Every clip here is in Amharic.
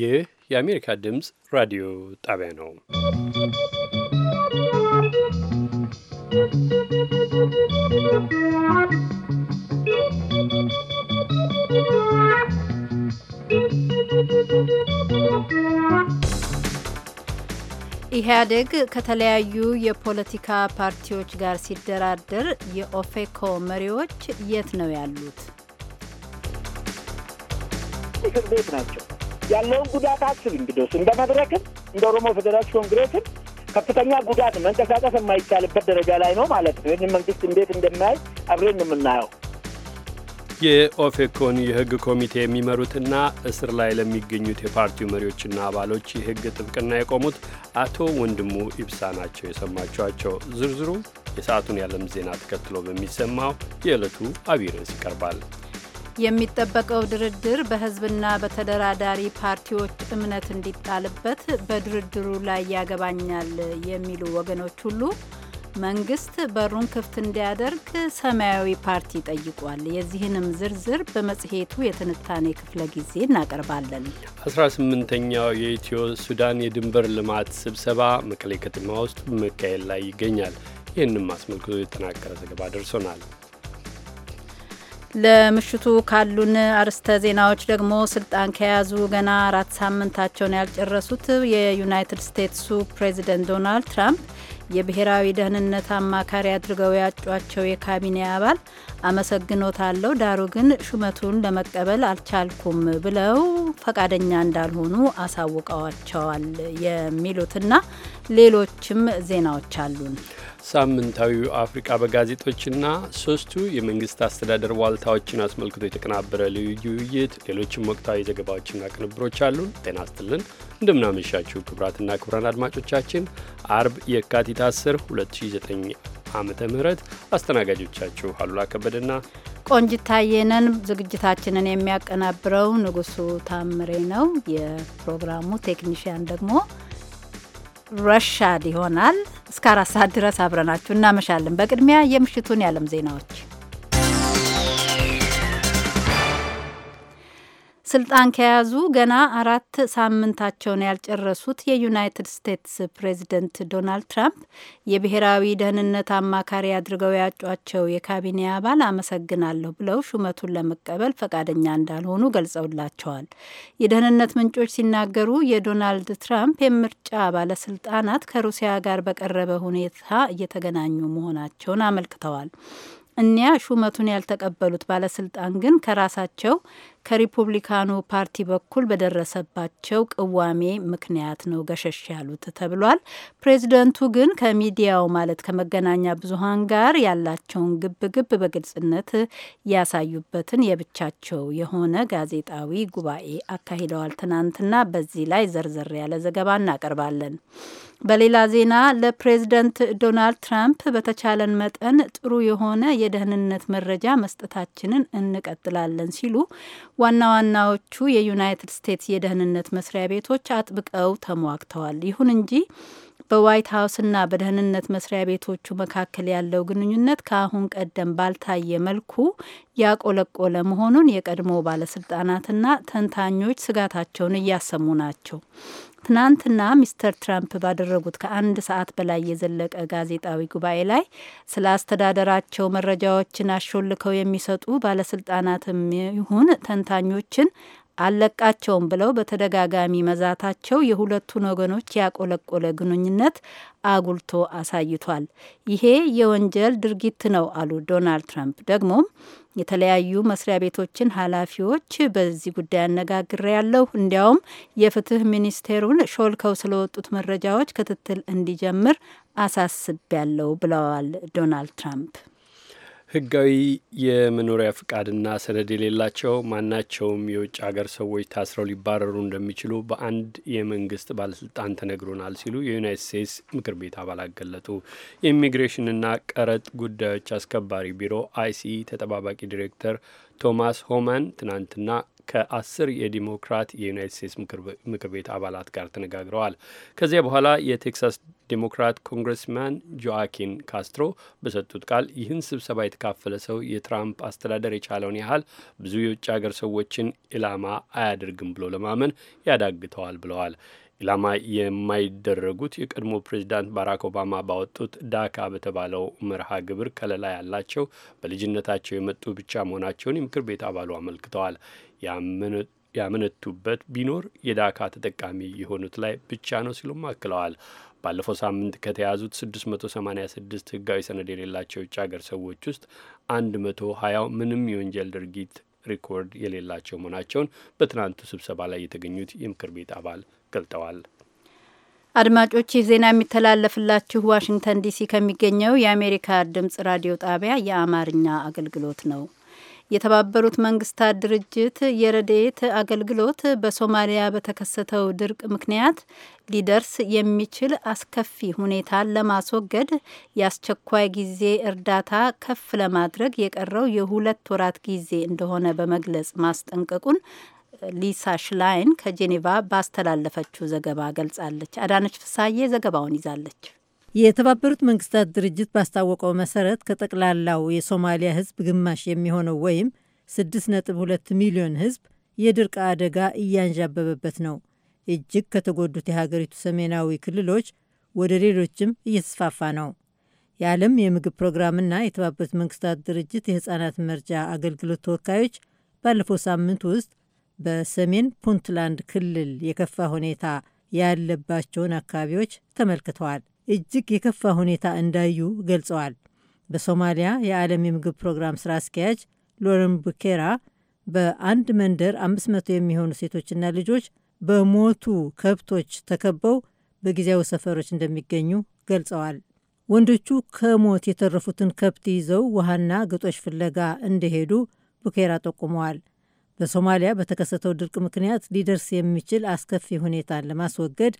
ይህ የአሜሪካ ድምፅ ራዲዮ ጣቢያ ነው። ኢህአዴግ ከተለያዩ የፖለቲካ ፓርቲዎች ጋር ሲደራደር የኦፌኮ መሪዎች የት ነው ያሉት? እስር ቤት ናቸው። ያለውን ጉዳት አስብ። እንግዲህ እንደ መድረክም እንደ ኦሮሞ ፌዴራሊስት ኮንግሬስም ከፍተኛ ጉዳት መንቀሳቀስ የማይቻልበት ደረጃ ላይ ነው ማለት ነው። ይህን መንግስት እንዴት እንደማያይ አብሬን የምናየው የኦፌኮን የህግ ኮሚቴ የሚመሩትና እስር ላይ ለሚገኙት የፓርቲው መሪዎችና አባሎች የህግ ጥብቅና የቆሙት አቶ ወንድሙ ኢብሳ ናቸው የሰማችኋቸው። ዝርዝሩ የሰዓቱን የዓለም ዜና ተከትሎ በሚሰማው የዕለቱ አብይ ርዕስ ይቀርባል። የሚጠበቀው ድርድር በህዝብና በተደራዳሪ ፓርቲዎች እምነት እንዲጣልበት በድርድሩ ላይ ያገባኛል የሚሉ ወገኖች ሁሉ መንግስት በሩን ክፍት እንዲያደርግ ሰማያዊ ፓርቲ ጠይቋል። የዚህንም ዝርዝር በመጽሔቱ የትንታኔ ክፍለ ጊዜ እናቀርባለን። አስራ ስምንተኛው የኢትዮ ሱዳን የድንበር ልማት ስብሰባ መቀሌ ከተማ ውስጥ መካሄድ ላይ ይገኛል። ይህንም አስመልክቶ የተጠናቀረ ዘገባ ደርሶናል። ለምሽቱ ካሉን አርዕስተ ዜናዎች ደግሞ ስልጣን ከያዙ ገና አራት ሳምንታቸውን ያልጨረሱት የዩናይትድ ስቴትሱ ፕሬዚደንት ዶናልድ ትራምፕ የብሔራዊ ደህንነት አማካሪ አድርገው ያጯቸው የካቢኔ አባል አመሰግኖታለሁ፣ ዳሩ ግን ሹመቱን ለመቀበል አልቻልኩም ብለው ፈቃደኛ እንዳልሆኑ አሳውቀዋቸዋል የሚሉትና ሌሎችም ዜናዎች አሉን። ሳምንታዊው አፍሪቃ በጋዜጦችና ሶስቱ የመንግስት አስተዳደር ዋልታዎችን አስመልክቶ የተቀናበረ ልዩ ውይይት፣ ሌሎችም ወቅታዊ ዘገባዎችና ቅንብሮች አሉን። ጤና ይስጥልን እንደምናመሻችሁ ክቡራትና ክቡራን አድማጮቻችን አርብ የካቲት 10 2009 ዓመተ ምህረት አስተናጋጆቻችሁ አሉላ ከበደና ቆንጅታየነን። ዝግጅታችንን የሚያቀናብረው ንጉሱ ታምሬ ነው። የፕሮግራሙ ቴክኒሽያን ደግሞ ረሻድ ይሆናል። እስከ አራት ሰዓት ድረስ አብረናችሁ እናመሻለን። በቅድሚያ የምሽቱን የዓለም ዜናዎች ስልጣን ከያዙ ገና አራት ሳምንታቸውን ያልጨረሱት የዩናይትድ ስቴትስ ፕሬዚደንት ዶናልድ ትራምፕ የብሔራዊ ደህንነት አማካሪ አድርገው ያጯቸው የካቢኔ አባል አመሰግናለሁ ብለው ሹመቱን ለመቀበል ፈቃደኛ እንዳልሆኑ ገልጸውላቸዋል። የደህንነት ምንጮች ሲናገሩ የዶናልድ ትራምፕ የምርጫ ባለስልጣናት ከሩሲያ ጋር በቀረበ ሁኔታ እየተገናኙ መሆናቸውን አመልክተዋል። እኒያ ሹመቱን ያልተቀበሉት ባለስልጣን ግን ከራሳቸው ከሪፑብሊካኑ ፓርቲ በኩል በደረሰባቸው ቅዋሜ ምክንያት ነው ገሸሽ ያሉት ተብሏል። ፕሬዚደንቱ ግን ከሚዲያው ማለት ከመገናኛ ብዙሃን ጋር ያላቸውን ግብግብ በግልጽነት ያሳዩበትን የብቻቸው የሆነ ጋዜጣዊ ጉባኤ አካሂደዋል ትናንትና። በዚህ ላይ ዘርዘር ያለ ዘገባ እናቀርባለን። በሌላ ዜና ለፕሬዝደንት ዶናልድ ትራምፕ በተቻለን መጠን ጥሩ የሆነ የደህንነት መረጃ መስጠታችንን እንቀጥላለን ሲሉ ዋና ዋናዎቹ የዩናይትድ ስቴትስ የደህንነት መስሪያ ቤቶች አጥብቀው ተሟግተዋል። ይሁን እንጂ በዋይት ሀውስና በደህንነት መስሪያ ቤቶቹ መካከል ያለው ግንኙነት ከአሁን ቀደም ባልታየ መልኩ ያቆለቆለ መሆኑን የቀድሞ ባለስልጣናትና ተንታኞች ስጋታቸውን እያሰሙ ናቸው። ትናንትና ሚስተር ትራምፕ ባደረጉት ከአንድ ሰዓት በላይ የዘለቀ ጋዜጣዊ ጉባኤ ላይ ስለ አስተዳደራቸው መረጃዎችን አሾልከው የሚሰጡ ባለስልጣናትም ይሁን ተንታኞችን አለቃቸውም ብለው በተደጋጋሚ መዛታቸው የሁለቱን ወገኖች ያቆለቆለ ግንኙነት አጉልቶ አሳይቷል። ይሄ የወንጀል ድርጊት ነው አሉ ዶናልድ ትራምፕ። ደግሞም የተለያዩ መስሪያ ቤቶችን ኃላፊዎች በዚህ ጉዳይ አነጋግሬ ያለሁ እንዲያውም የፍትህ ሚኒስቴሩን ሾልከው ስለወጡት መረጃዎች ክትትል እንዲጀምር አሳስቤያለሁ ብለዋል ዶናልድ ትራምፕ። ህጋዊ የመኖሪያ ፍቃድና ሰነድ የሌላቸው ማናቸውም የውጭ ሀገር ሰዎች ታስረው ሊባረሩ እንደሚችሉ በአንድ የመንግስት ባለስልጣን ተነግሮናል ሲሉ የዩናይት ስቴትስ ምክር ቤት አባላት ገለጡ። የኢሚግሬሽንና ቀረጥ ጉዳዮች አስከባሪ ቢሮ አይሲ ተጠባባቂ ዲሬክተር ቶማስ ሆማን ትናንትና ከአስር የዲሞክራት የዩናይት ስቴትስ ምክር ቤት አባላት ጋር ተነጋግረዋል። ከዚያ በኋላ የቴክሳስ ዴሞክራት ኮንግረስማን ጆአኪን ካስትሮ በሰጡት ቃል ይህን ስብሰባ የተካፈለ ሰው የትራምፕ አስተዳደር የቻለውን ያህል ብዙ የውጭ ሀገር ሰዎችን ኢላማ አያደርግም ብሎ ለማመን ያዳግተዋል ብለዋል። ኢላማ የማይደረጉት የቀድሞ ፕሬዚዳንት ባራክ ኦባማ ባወጡት ዳካ በተባለው መርሃ ግብር ከለላ ያላቸው በልጅነታቸው የመጡ ብቻ መሆናቸውን የምክር ቤት አባሉ አመልክተዋል። ያመነቱበት ቢኖር የዳካ ተጠቃሚ የሆኑት ላይ ብቻ ነው ሲሉም አክለዋል። ባለፈው ሳምንት ከተያዙት 686 ህጋዊ ሰነድ የሌላቸው የውጭ ሀገር ሰዎች ውስጥ 120 ምንም የወንጀል ድርጊት ሪኮርድ የሌላቸው መሆናቸውን በትናንቱ ስብሰባ ላይ የተገኙት የምክር ቤት አባል ገልጠዋል። አድማጮች ይህ ዜና የሚተላለፍላችሁ ዋሽንግተን ዲሲ ከሚገኘው የአሜሪካ ድምጽ ራዲዮ ጣቢያ የአማርኛ አገልግሎት ነው። የተባበሩት መንግስታት ድርጅት የረድኤት አገልግሎት በሶማሊያ በተከሰተው ድርቅ ምክንያት ሊደርስ የሚችል አስከፊ ሁኔታን ለማስወገድ የአስቸኳይ ጊዜ እርዳታ ከፍ ለማድረግ የቀረው የሁለት ወራት ጊዜ እንደሆነ በመግለጽ ማስጠንቀቁን ሊሳ ሽላይን ከጄኔቫ ባስተላለፈችው ዘገባ ገልጻለች። አዳነች ፍሳዬ ዘገባውን ይዛለች። የተባበሩት መንግስታት ድርጅት ባስታወቀው መሰረት ከጠቅላላው የሶማሊያ ህዝብ ግማሽ የሚሆነው ወይም 6.2 ሚሊዮን ህዝብ የድርቅ አደጋ እያንዣበበበት ነው። እጅግ ከተጎዱት የሀገሪቱ ሰሜናዊ ክልሎች ወደ ሌሎችም እየተስፋፋ ነው። የዓለም የምግብ ፕሮግራምና የተባበሩት መንግስታት ድርጅት የህፃናት መርጃ አገልግሎት ተወካዮች ባለፈው ሳምንት ውስጥ በሰሜን ፑንትላንድ ክልል የከፋ ሁኔታ ያለባቸውን አካባቢዎች ተመልክተዋል። እጅግ የከፋ ሁኔታ እንዳዩ ገልጸዋል። በሶማሊያ የዓለም የምግብ ፕሮግራም ስራ አስኪያጅ ሎረን ቡኬራ በአንድ መንደር 500 የሚሆኑ ሴቶችና ልጆች በሞቱ ከብቶች ተከበው በጊዜያዊ ሰፈሮች እንደሚገኙ ገልጸዋል። ወንዶቹ ከሞት የተረፉትን ከብት ይዘው ውሃና ግጦሽ ፍለጋ እንደሄዱ ቡኬራ ጠቁመዋል። በሶማሊያ በተከሰተው ድርቅ ምክንያት ሊደርስ የሚችል አስከፊ ሁኔታን ለማስወገድ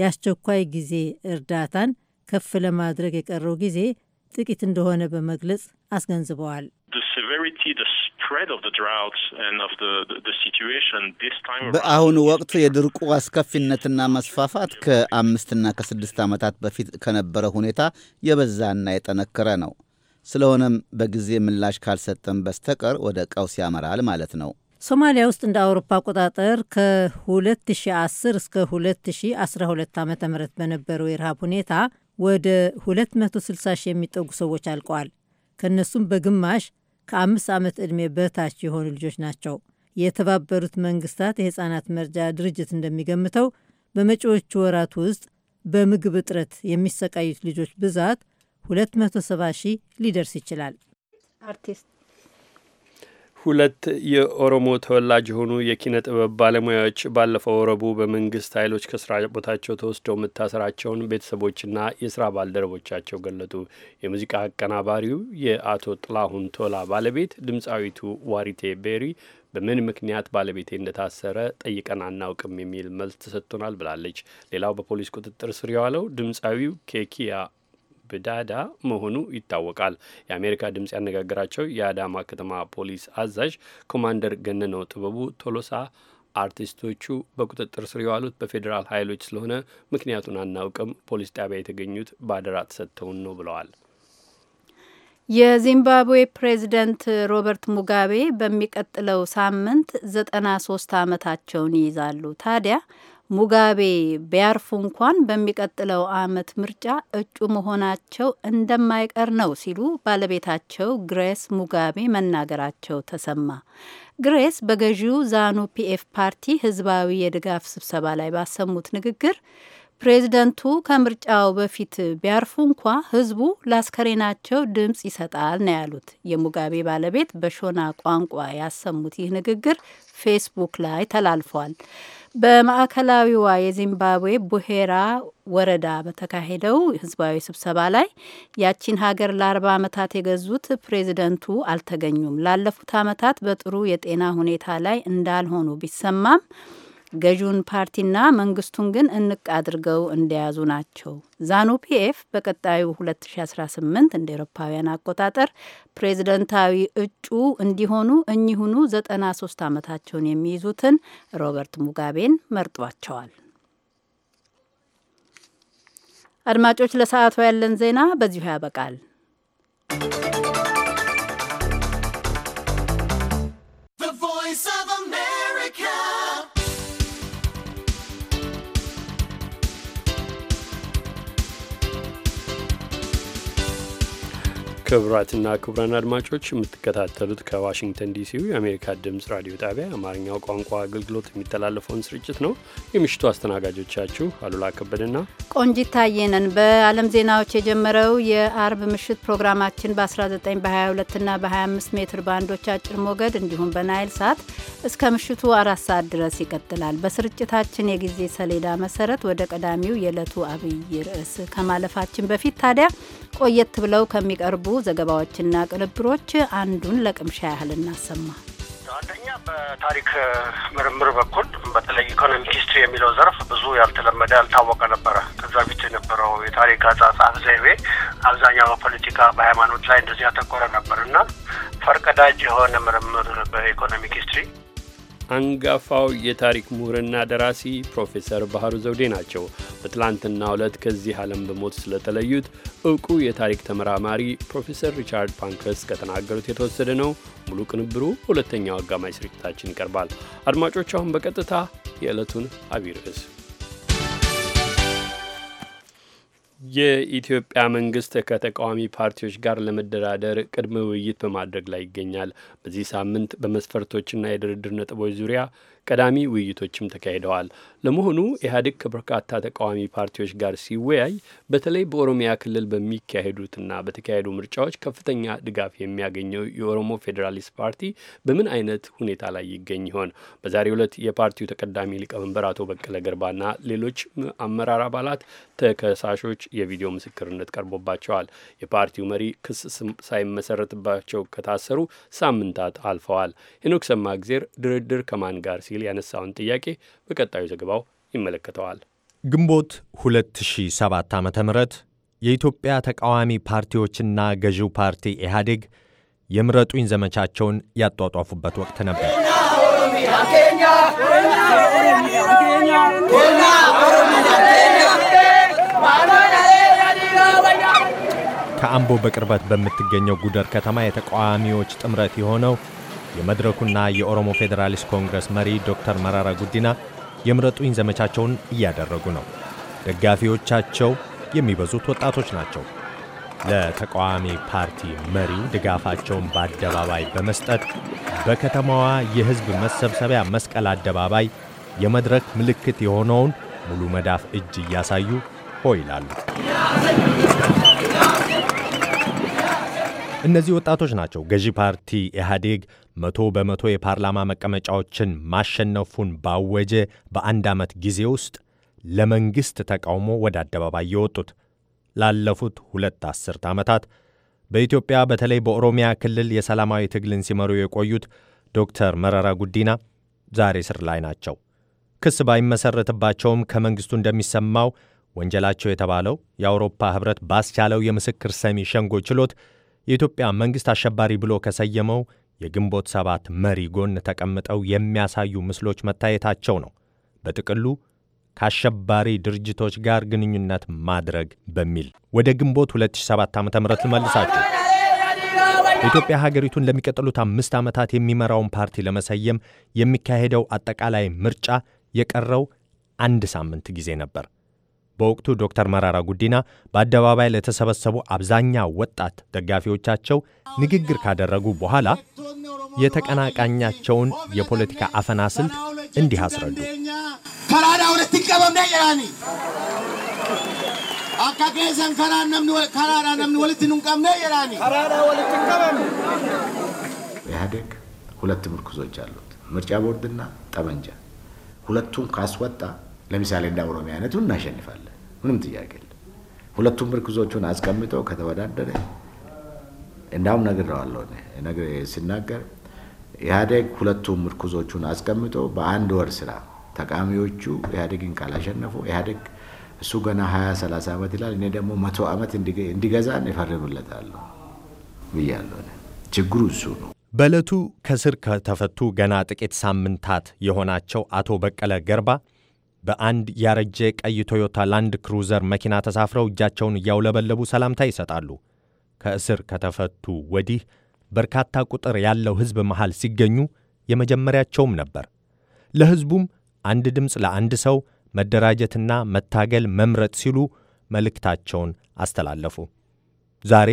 የአስቸኳይ ጊዜ እርዳታን ከፍ ለማድረግ የቀረው ጊዜ ጥቂት እንደሆነ በመግለጽ አስገንዝበዋል። በአሁኑ ወቅት የድርቁ አስከፊነትና መስፋፋት ከአምስትና ከስድስት ዓመታት በፊት ከነበረ ሁኔታ የበዛና የጠነከረ ነው። ስለሆነም በጊዜ ምላሽ ካልሰጠን በስተቀር ወደ ቀውስ ያመራል ማለት ነው። ሶማሊያ ውስጥ እንደ አውሮፓ አቆጣጠር ከ2010 እስከ 2012 ዓ ም በነበረው የረሃብ ሁኔታ ወደ 260 ሺህ የሚጠጉ ሰዎች አልቀዋል። ከእነሱም በግማሽ ከአምስት ዓመት ዕድሜ በታች የሆኑ ልጆች ናቸው። የተባበሩት መንግስታት የሕፃናት መርጃ ድርጅት እንደሚገምተው በመጪዎቹ ወራት ውስጥ በምግብ እጥረት የሚሰቃዩት ልጆች ብዛት 270 ሺህ ሊደርስ ይችላል። አርቲስት ሁለት የኦሮሞ ተወላጅ የሆኑ የኪነ ጥበብ ባለሙያዎች ባለፈው ረቡ በመንግስት ኃይሎች ከስራ ቦታቸው ተወስደው መታሰራቸውን ቤተሰቦችና የስራ ባልደረቦቻቸው ገለጡ። የሙዚቃ አቀናባሪው የአቶ ጥላሁን ቶላ ባለቤት ድምፃዊቱ ዋሪቴ ቤሪ በምን ምክንያት ባለቤቴ እንደታሰረ ጠይቀን አናውቅም የሚል መልስ ተሰጥቶናል ብላለች። ሌላው በፖሊስ ቁጥጥር ስር የዋለው ድምፃዊው ኬኪያ ብዳዳ መሆኑ ይታወቃል። የአሜሪካ ድምፅ ያነጋገራቸው የአዳማ ከተማ ፖሊስ አዛዥ ኮማንደር ገነነው ጥበቡ ቶሎሳ አርቲስቶቹ በቁጥጥር ስር የዋሉት በፌዴራል ኃይሎች ስለሆነ ምክንያቱን አናውቅም፣ ፖሊስ ጣቢያ የተገኙት በአደራ ተሰጥተውን ነው ብለዋል። የዚምባብዌ ፕሬዚደንት ሮበርት ሙጋቤ በሚቀጥለው ሳምንት ዘጠና ሶስት ዓመታቸውን ይይዛሉ ታዲያ ሙጋቤ ቢያርፉ እንኳን በሚቀጥለው ዓመት ምርጫ እጩ መሆናቸው እንደማይቀር ነው ሲሉ ባለቤታቸው ግሬስ ሙጋቤ መናገራቸው ተሰማ። ግሬስ በገዢው ዛኑ ፒኤፍ ፓርቲ ህዝባዊ የድጋፍ ስብሰባ ላይ ባሰሙት ንግግር ፕሬዚደንቱ ከምርጫው በፊት ቢያርፉ እንኳ ህዝቡ ላስከሬናቸው ድምፅ ይሰጣል ነው ያሉት። የሙጋቤ ባለቤት በሾና ቋንቋ ያሰሙት ይህ ንግግር ፌስቡክ ላይ ተላልፏል። በማዕከላዊዋ የዚምባብዌ ቡሄራ ወረዳ በተካሄደው ህዝባዊ ስብሰባ ላይ ያቺን ሀገር ለአርባ ዓመታት የገዙት ፕሬዚደንቱ አልተገኙም። ላለፉት ዓመታት በጥሩ የጤና ሁኔታ ላይ እንዳልሆኑ ቢሰማም ገዢውን ፓርቲና መንግስቱን ግን እንቅ አድርገው እንደያዙ ናቸው። ዛኑ ፒኤፍ በቀጣዩ 2018 እንደ ኤሮፓውያን አቆጣጠር ፕሬዝደንታዊ እጩ እንዲሆኑ እኚሁኑ 93 ዓመታቸውን የሚይዙትን ሮበርት ሙጋቤን መርጧቸዋል። አድማጮች፣ ለሰዓቱ ያለን ዜና በዚሁ ያበቃል። ክቡራትና ክቡራን አድማጮች የምትከታተሉት ከዋሽንግተን ዲሲው የአሜሪካ ድምፅ ራዲዮ ጣቢያ የአማርኛው ቋንቋ አገልግሎት የሚተላለፈውን ስርጭት ነው። የምሽቱ አስተናጋጆቻችሁ አሉላ ከበድና ቆንጂት ታየ በዓለም ዜናዎች የጀመረው የአርብ ምሽት ፕሮግራማችን በ19 በ22ና በ25 ሜትር ባንዶች አጭር ሞገድ እንዲሁም በናይል ሳት እስከ ምሽቱ አራት ሰዓት ድረስ ይቀጥላል። በስርጭታችን የጊዜ ሰሌዳ መሰረት ወደ ቀዳሚው የዕለቱ አብይ ርዕስ ከማለፋችን በፊት ታዲያ ቆየት ብለው ከሚቀርቡ ዘገባዎችና ቅንብሮች አንዱን ለቅምሻ ያህል እናሰማ። አንደኛ በታሪክ ምርምር በኩል በተለይ ኢኮኖሚክ ሂስትሪ የሚለው ዘርፍ ብዙ ያልተለመደ ያልታወቀ ነበረ። ከዛ ፊት የነበረው የታሪክ አጻጻፍ ዘይቤ አብዛኛው በፖለቲካ በሃይማኖት ላይ እንደዚህ ያተኮረ ነበር እና ፈርቀዳጅ የሆነ ምርምር በኢኮኖሚክ ሂስትሪ አንጋፋው የታሪክ ምሁርና ደራሲ ፕሮፌሰር ባህሩ ዘውዴ ናቸው። በትላንትና ዕለት ከዚህ ዓለም በሞት ስለተለዩት እውቁ የታሪክ ተመራማሪ ፕሮፌሰር ሪቻርድ ፓንክረስ ከተናገሩት የተወሰደ ነው። ሙሉ ቅንብሩ ሁለተኛው አጋማሽ ስርጭታችን ይቀርባል። አድማጮች፣ አሁን በቀጥታ የዕለቱን አቢይ ርዕስ የኢትዮጵያ መንግስት ከተቃዋሚ ፓርቲዎች ጋር ለመደራደር ቅድመ ውይይት በማድረግ ላይ ይገኛል። በዚህ ሳምንት በመስፈርቶችና የድርድር ነጥቦች ዙሪያ ቀዳሚ ውይይቶችም ተካሂደዋል። ለመሆኑ ኢህአዴግ ከበርካታ ተቃዋሚ ፓርቲዎች ጋር ሲወያይ በተለይ በኦሮሚያ ክልል በሚካሄዱትና በተካሄዱ ምርጫዎች ከፍተኛ ድጋፍ የሚያገኘው የኦሮሞ ፌዴራሊስት ፓርቲ በምን አይነት ሁኔታ ላይ ይገኝ ይሆን? በዛሬው ዕለት የፓርቲው ተቀዳሚ ሊቀመንበር አቶ በቀለ ገርባና ሌሎች አመራር አባላት ተከሳሾች የቪዲዮ ምስክርነት ቀርቦባቸዋል። የፓርቲው መሪ ክስ ሳይመሰረትባቸው ከታሰሩ ሳምንታት አልፈዋል። ሄኖክ ሰማእግዜር ድርድር ከማን ጋር ሲ ሲል ያነሳውን ጥያቄ በቀጣዩ ዘገባው ይመለከተዋል። ግንቦት 2007 ዓ ም የኢትዮጵያ ተቃዋሚ ፓርቲዎችና ገዢው ፓርቲ ኢህአዴግ የምረጡኝ ዘመቻቸውን ያጧጧፉበት ወቅት ነበር። ከአምቦ በቅርበት በምትገኘው ጉደር ከተማ የተቃዋሚዎች ጥምረት የሆነው የመድረኩና የኦሮሞ ፌዴራሊስት ኮንግረስ መሪ ዶክተር መራራ ጉዲና የምረጡኝ ዘመቻቸውን እያደረጉ ነው። ደጋፊዎቻቸው የሚበዙት ወጣቶች ናቸው። ለተቃዋሚ ፓርቲ መሪ ድጋፋቸውን በአደባባይ በመስጠት በከተማዋ የሕዝብ መሰብሰቢያ መስቀል አደባባይ የመድረክ ምልክት የሆነውን ሙሉ መዳፍ እጅ እያሳዩ ሆ ይላሉ። እነዚህ ወጣቶች ናቸው ገዢ ፓርቲ ኢህአዴግ መቶ በመቶ የፓርላማ መቀመጫዎችን ማሸነፉን ባወጀ በአንድ ዓመት ጊዜ ውስጥ ለመንግሥት ተቃውሞ ወደ አደባባይ የወጡት ላለፉት ሁለት አስርት ዓመታት በኢትዮጵያ በተለይ በኦሮሚያ ክልል የሰላማዊ ትግልን ሲመሩ የቆዩት ዶክተር መረራ ጉዲና ዛሬ ስር ላይ ናቸው። ክስ ባይመሠረትባቸውም ከመንግሥቱ እንደሚሰማው ወንጀላቸው የተባለው የአውሮፓ ኅብረት ባስቻለው የምስክር ሰሚ ሸንጎ ችሎት የኢትዮጵያ መንግሥት አሸባሪ ብሎ ከሰየመው የግንቦት ሰባት መሪ ጎን ተቀምጠው የሚያሳዩ ምስሎች መታየታቸው ነው። በጥቅሉ ከአሸባሪ ድርጅቶች ጋር ግንኙነት ማድረግ በሚል ወደ ግንቦት 2007 ዓ ም ልመልሳችሁ። ኢትዮጵያ ሀገሪቱን ለሚቀጥሉት አምስት ዓመታት የሚመራውን ፓርቲ ለመሰየም የሚካሄደው አጠቃላይ ምርጫ የቀረው አንድ ሳምንት ጊዜ ነበር። በወቅቱ ዶክተር መራራ ጉዲና በአደባባይ ለተሰበሰቡ አብዛኛ ወጣት ደጋፊዎቻቸው ንግግር ካደረጉ በኋላ የተቀናቃኛቸውን የፖለቲካ አፈና ስልት እንዲህ አስረዱ። ኢህአዴግ ሁለት ምርኩዞች አሉት፣ ምርጫ ቦርድና ጠመንጃ። ሁለቱም ካስወጣ ለምሳሌ እንደ ኦሮሚያ አይነቱን እናሸንፋለን። ምንም ጥያቄ የለም። ሁለቱም ምርክዞቹን አስቀምጦ ከተወዳደረ እንዳውም ነግሬዋለሁ ሲናገር ኢህአዴግ ሁለቱም ምርኩዞቹን አስቀምጦ በአንድ ወር ስራ ተቃሚዎቹ ኢህአዴግን ካላሸነፉ ኢህአዴግ እሱ ገና ሀያ ሰላሳ ዓመት ይላል እኔ ደግሞ መቶ ዓመት እንዲገዛን ይፈርምለታለሁ ብያለሁ። ችግሩ እሱ ነው። በዕለቱ ከስር ከተፈቱ ገና ጥቂት ሳምንታት የሆናቸው አቶ በቀለ ገርባ በአንድ ያረጀ ቀይ ቶዮታ ላንድ ክሩዘር መኪና ተሳፍረው እጃቸውን እያውለበለቡ ሰላምታ ይሰጣሉ። ከእስር ከተፈቱ ወዲህ በርካታ ቁጥር ያለው ሕዝብ መሃል ሲገኙ የመጀመሪያቸውም ነበር። ለሕዝቡም አንድ ድምፅ ለአንድ ሰው መደራጀትና መታገል መምረጥ ሲሉ መልእክታቸውን አስተላለፉ። ዛሬ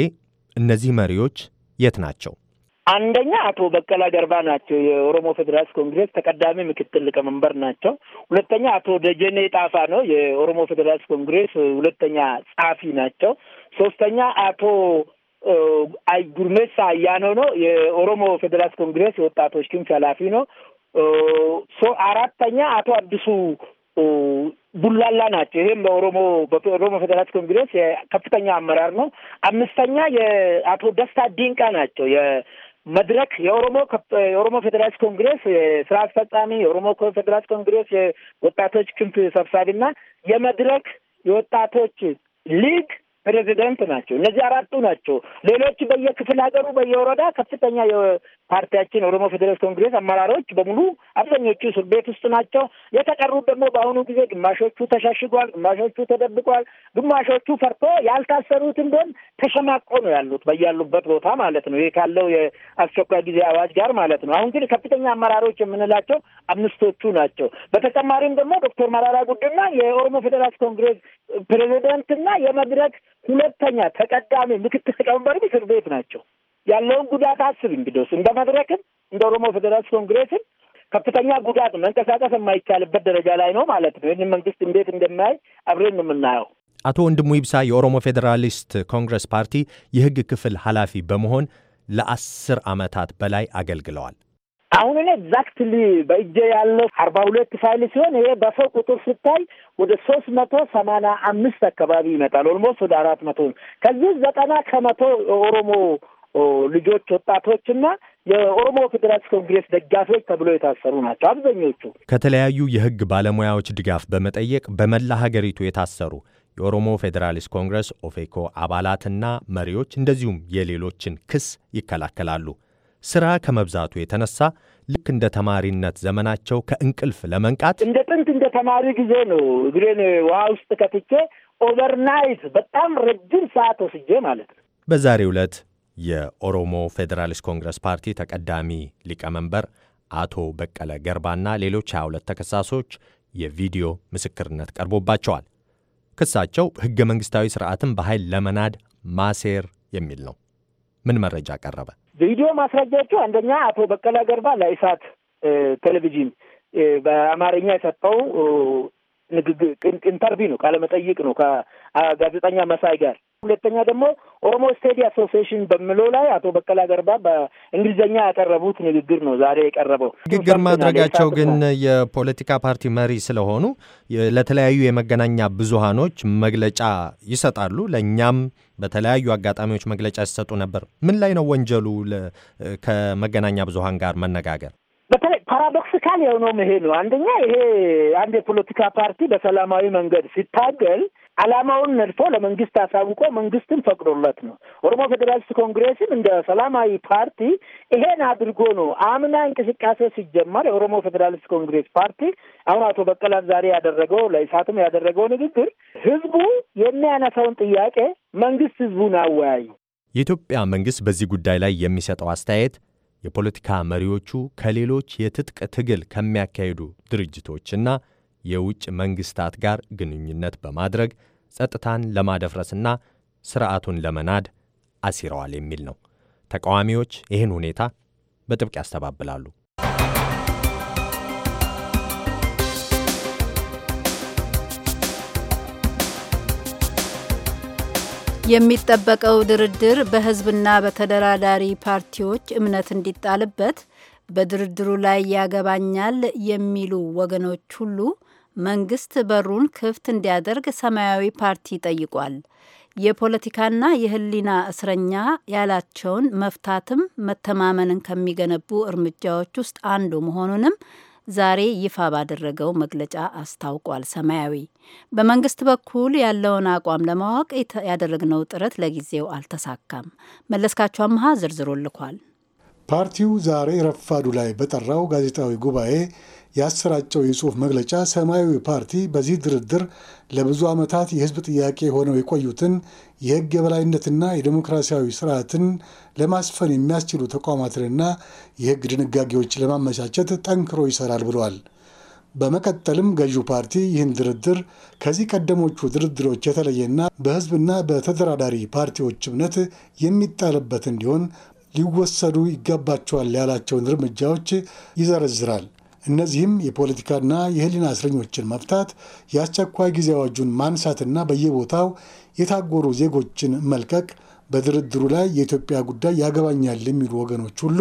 እነዚህ መሪዎች የት ናቸው? አንደኛ አቶ በቀላ ገርባ ናቸው፣ የኦሮሞ ፌዴራልስ ኮንግሬስ ተቀዳሚ ምክትል ሊቀመንበር ናቸው። ሁለተኛ አቶ ደጀኔ ጣፋ ነው፣ የኦሮሞ ፌዴራልስ ኮንግሬስ ሁለተኛ ጸሐፊ ናቸው። ሶስተኛ አቶ ጉርሜሳ አያኖ ነው፣ የኦሮሞ ፌዴራልስ ኮንግሬስ የወጣቶች ክንፍ ኃላፊ ነው። አራተኛ አቶ አዲሱ ቡላላ ናቸው። ይህም በኦሮሞ በኦሮሞ ፌዴራል ኮንግሬስ ከፍተኛ አመራር ነው። አምስተኛ የአቶ ደስታ ዲንቃ ናቸው መድረክ የኦሮሞ የኦሮሞ ፌዴራሊስት ኮንግሬስ ስራ አስፈጻሚ የኦሮሞ ፌዴራሊስት ኮንግሬስ የወጣቶች ክንፍ ሰብሳቢና የመድረክ የወጣቶች ሊግ ፕሬዚደንት ናቸው። እነዚህ አራቱ ናቸው። ሌሎች በየክፍል ሀገሩ በየወረዳ ከፍተኛ ፓርቲያችን ኦሮሞ ፌዴራል ኮንግሬስ አመራሮች በሙሉ አብዛኞቹ እስር ቤት ውስጥ ናቸው። የተቀሩ ደግሞ በአሁኑ ጊዜ ግማሾቹ ተሻሽጓል፣ ግማሾቹ ተደብቋል፣ ግማሾቹ ፈርቶ ያልታሰሩት እንደሆን ተሸማቆ ነው ያሉት በያሉበት ቦታ ማለት ነው። ይሄ ካለው የአስቸኳይ ጊዜ አዋጅ ጋር ማለት ነው። አሁን ግን ከፍተኛ አመራሮች የምንላቸው አምስቶቹ ናቸው። በተጨማሪም ደግሞ ዶክተር መራራ ጉድና የኦሮሞ ፌዴራል ኮንግሬስ ፕሬዚደንትና የመድረክ ሁለተኛ ተቀዳሚ ምክትል ሊቀመንበርም እስር ቤት ናቸው። ያለውን ጉዳት አስብ። እንግዲህ እንደ መድረክም እንደ ኦሮሞ ፌዴራልስ ኮንግሬስም ከፍተኛ ጉዳት መንቀሳቀስ የማይቻልበት ደረጃ ላይ ነው ማለት ነው። ይህን መንግስት እንዴት እንደሚያይ አብሬን ነው የምናየው። አቶ ወንድሙ ይብሳ የኦሮሞ ፌዴራሊስት ኮንግረስ ፓርቲ የህግ ክፍል ኃላፊ በመሆን ለአስር ዓመታት በላይ አገልግለዋል። አሁን እኔ ኤግዛክትሊ በእጄ ያለው አርባ ሁለት ፋይል ሲሆን ይሄ በሰው ቁጥር ስታይ ወደ ሶስት መቶ ሰማንያ አምስት አካባቢ ይመጣል። ኦልሞስት ወደ አራት መቶ ከዚህ ዘጠና ከመቶ ኦሮሞ ልጆች ወጣቶችና የኦሮሞ ፌዴራሊስት ኮንግሬስ ደጋፊዎች ተብሎ የታሰሩ ናቸው። አብዛኞቹ ከተለያዩ የህግ ባለሙያዎች ድጋፍ በመጠየቅ በመላ ሀገሪቱ የታሰሩ የኦሮሞ ፌዴራሊስት ኮንግረስ ኦፌኮ አባላትና መሪዎች እንደዚሁም የሌሎችን ክስ ይከላከላሉ። ስራ ከመብዛቱ የተነሳ ልክ እንደ ተማሪነት ዘመናቸው ከእንቅልፍ ለመንቃት እንደ ጥንት እንደ ተማሪ ጊዜ ነው እግሬን ውሃ ውስጥ ከትቼ ኦቨርናይት በጣም ረጅም ሰዓት ወስጄ ማለት ነው በዛሬ ዕለት የኦሮሞ ፌዴራሊስት ኮንግረስ ፓርቲ ተቀዳሚ ሊቀመንበር አቶ በቀለ ገርባና ሌሎች 22 ተከሳሾች የቪዲዮ ምስክርነት ቀርቦባቸዋል። ክሳቸው ሕገ መንግሥታዊ ሥርዓትን በኃይል ለመናድ ማሴር የሚል ነው። ምን መረጃ ቀረበ? ቪዲዮ ማስረጃዎቹ አንደኛ አቶ በቀለ ገርባ ለኢሳት ቴሌቪዥን በአማርኛ የሰጠው ንግግ ኢንተርቪው ነው፣ ቃለመጠይቅ ነው ከጋዜጠኛ መሳይ ጋር። ሁለተኛ ደግሞ ኦሮሞ ስቴዲ አሶሲዬሽን በሚለው ላይ አቶ በቀላ ገርባ በእንግሊዝኛ ያቀረቡት ንግግር ነው ዛሬ የቀረበው። ንግግር ማድረጋቸው ግን የፖለቲካ ፓርቲ መሪ ስለሆኑ ለተለያዩ የመገናኛ ብዙሃኖች መግለጫ ይሰጣሉ። ለእኛም በተለያዩ አጋጣሚዎች መግለጫ ሲሰጡ ነበር። ምን ላይ ነው ወንጀሉ? ከመገናኛ ብዙሃን ጋር መነጋገር በተለይ ፓራዶክስካል የሆነውም ይሄ ነው። አንደኛ ይሄ አንድ የፖለቲካ ፓርቲ በሰላማዊ መንገድ ሲታገል ዓላማውን ነድፎ ለመንግስት አሳውቆ መንግስትም ፈቅዶለት ነው። ኦሮሞ ፌዴራሊስት ኮንግሬስም እንደ ሰላማዊ ፓርቲ ይሄን አድርጎ ነው። አምና እንቅስቃሴ ሲጀመር የኦሮሞ ፌዴራሊስት ኮንግሬስ ፓርቲ አሁን አቶ በቀላን ዛሬ ያደረገው ለኢሳትም ያደረገው ንግግር ህዝቡ የሚያነሳውን ጥያቄ መንግስት ህዝቡን አወያዩ። የኢትዮጵያ መንግስት በዚህ ጉዳይ ላይ የሚሰጠው አስተያየት የፖለቲካ መሪዎቹ ከሌሎች የትጥቅ ትግል ከሚያካሂዱ ድርጅቶችና የውጭ መንግሥታት ጋር ግንኙነት በማድረግ ጸጥታን ለማደፍረስና ሥርዓቱን ለመናድ አሲረዋል የሚል ነው። ተቃዋሚዎች ይህን ሁኔታ በጥብቅ ያስተባብላሉ። የሚጠበቀው ድርድር በህዝብና በተደራዳሪ ፓርቲዎች እምነት እንዲጣልበት በድርድሩ ላይ ያገባኛል የሚሉ ወገኖች ሁሉ መንግስት በሩን ክፍት እንዲያደርግ ሰማያዊ ፓርቲ ጠይቋል። የፖለቲካና የህሊና እስረኛ ያላቸውን መፍታትም መተማመንን ከሚገነቡ እርምጃዎች ውስጥ አንዱ መሆኑንም ዛሬ ይፋ ባደረገው መግለጫ አስታውቋል። ሰማያዊ በመንግስት በኩል ያለውን አቋም ለማወቅ ያደረግነው ጥረት ለጊዜው አልተሳካም። መለስካቸው አምሃ ዝርዝሮ ልኳል። ፓርቲው ዛሬ ረፋዱ ላይ በጠራው ጋዜጣዊ ጉባኤ ያሰራጨው የጽሑፍ መግለጫ ሰማያዊ ፓርቲ በዚህ ድርድር ለብዙ ዓመታት የሕዝብ ጥያቄ ሆነው የቆዩትን የሕግ የበላይነትና የዴሞክራሲያዊ ስርዓትን ለማስፈን የሚያስችሉ ተቋማትንና የሕግ ድንጋጌዎች ለማመቻቸት ጠንክሮ ይሰራል ብሏል። በመቀጠልም ገዢው ፓርቲ ይህን ድርድር ከዚህ ቀደሞቹ ድርድሮች የተለየና በሕዝብና በተደራዳሪ ፓርቲዎች እምነት የሚጣልበት እንዲሆን ሊወሰዱ ይገባቸዋል ያላቸውን እርምጃዎች ይዘረዝራል። እነዚህም የፖለቲካና የሕሊና እስረኞችን መፍታት፣ የአስቸኳይ ጊዜ አዋጁን ማንሳትና በየቦታው የታጎሩ ዜጎችን መልቀቅ፣ በድርድሩ ላይ የኢትዮጵያ ጉዳይ ያገባኛል የሚሉ ወገኖች ሁሉ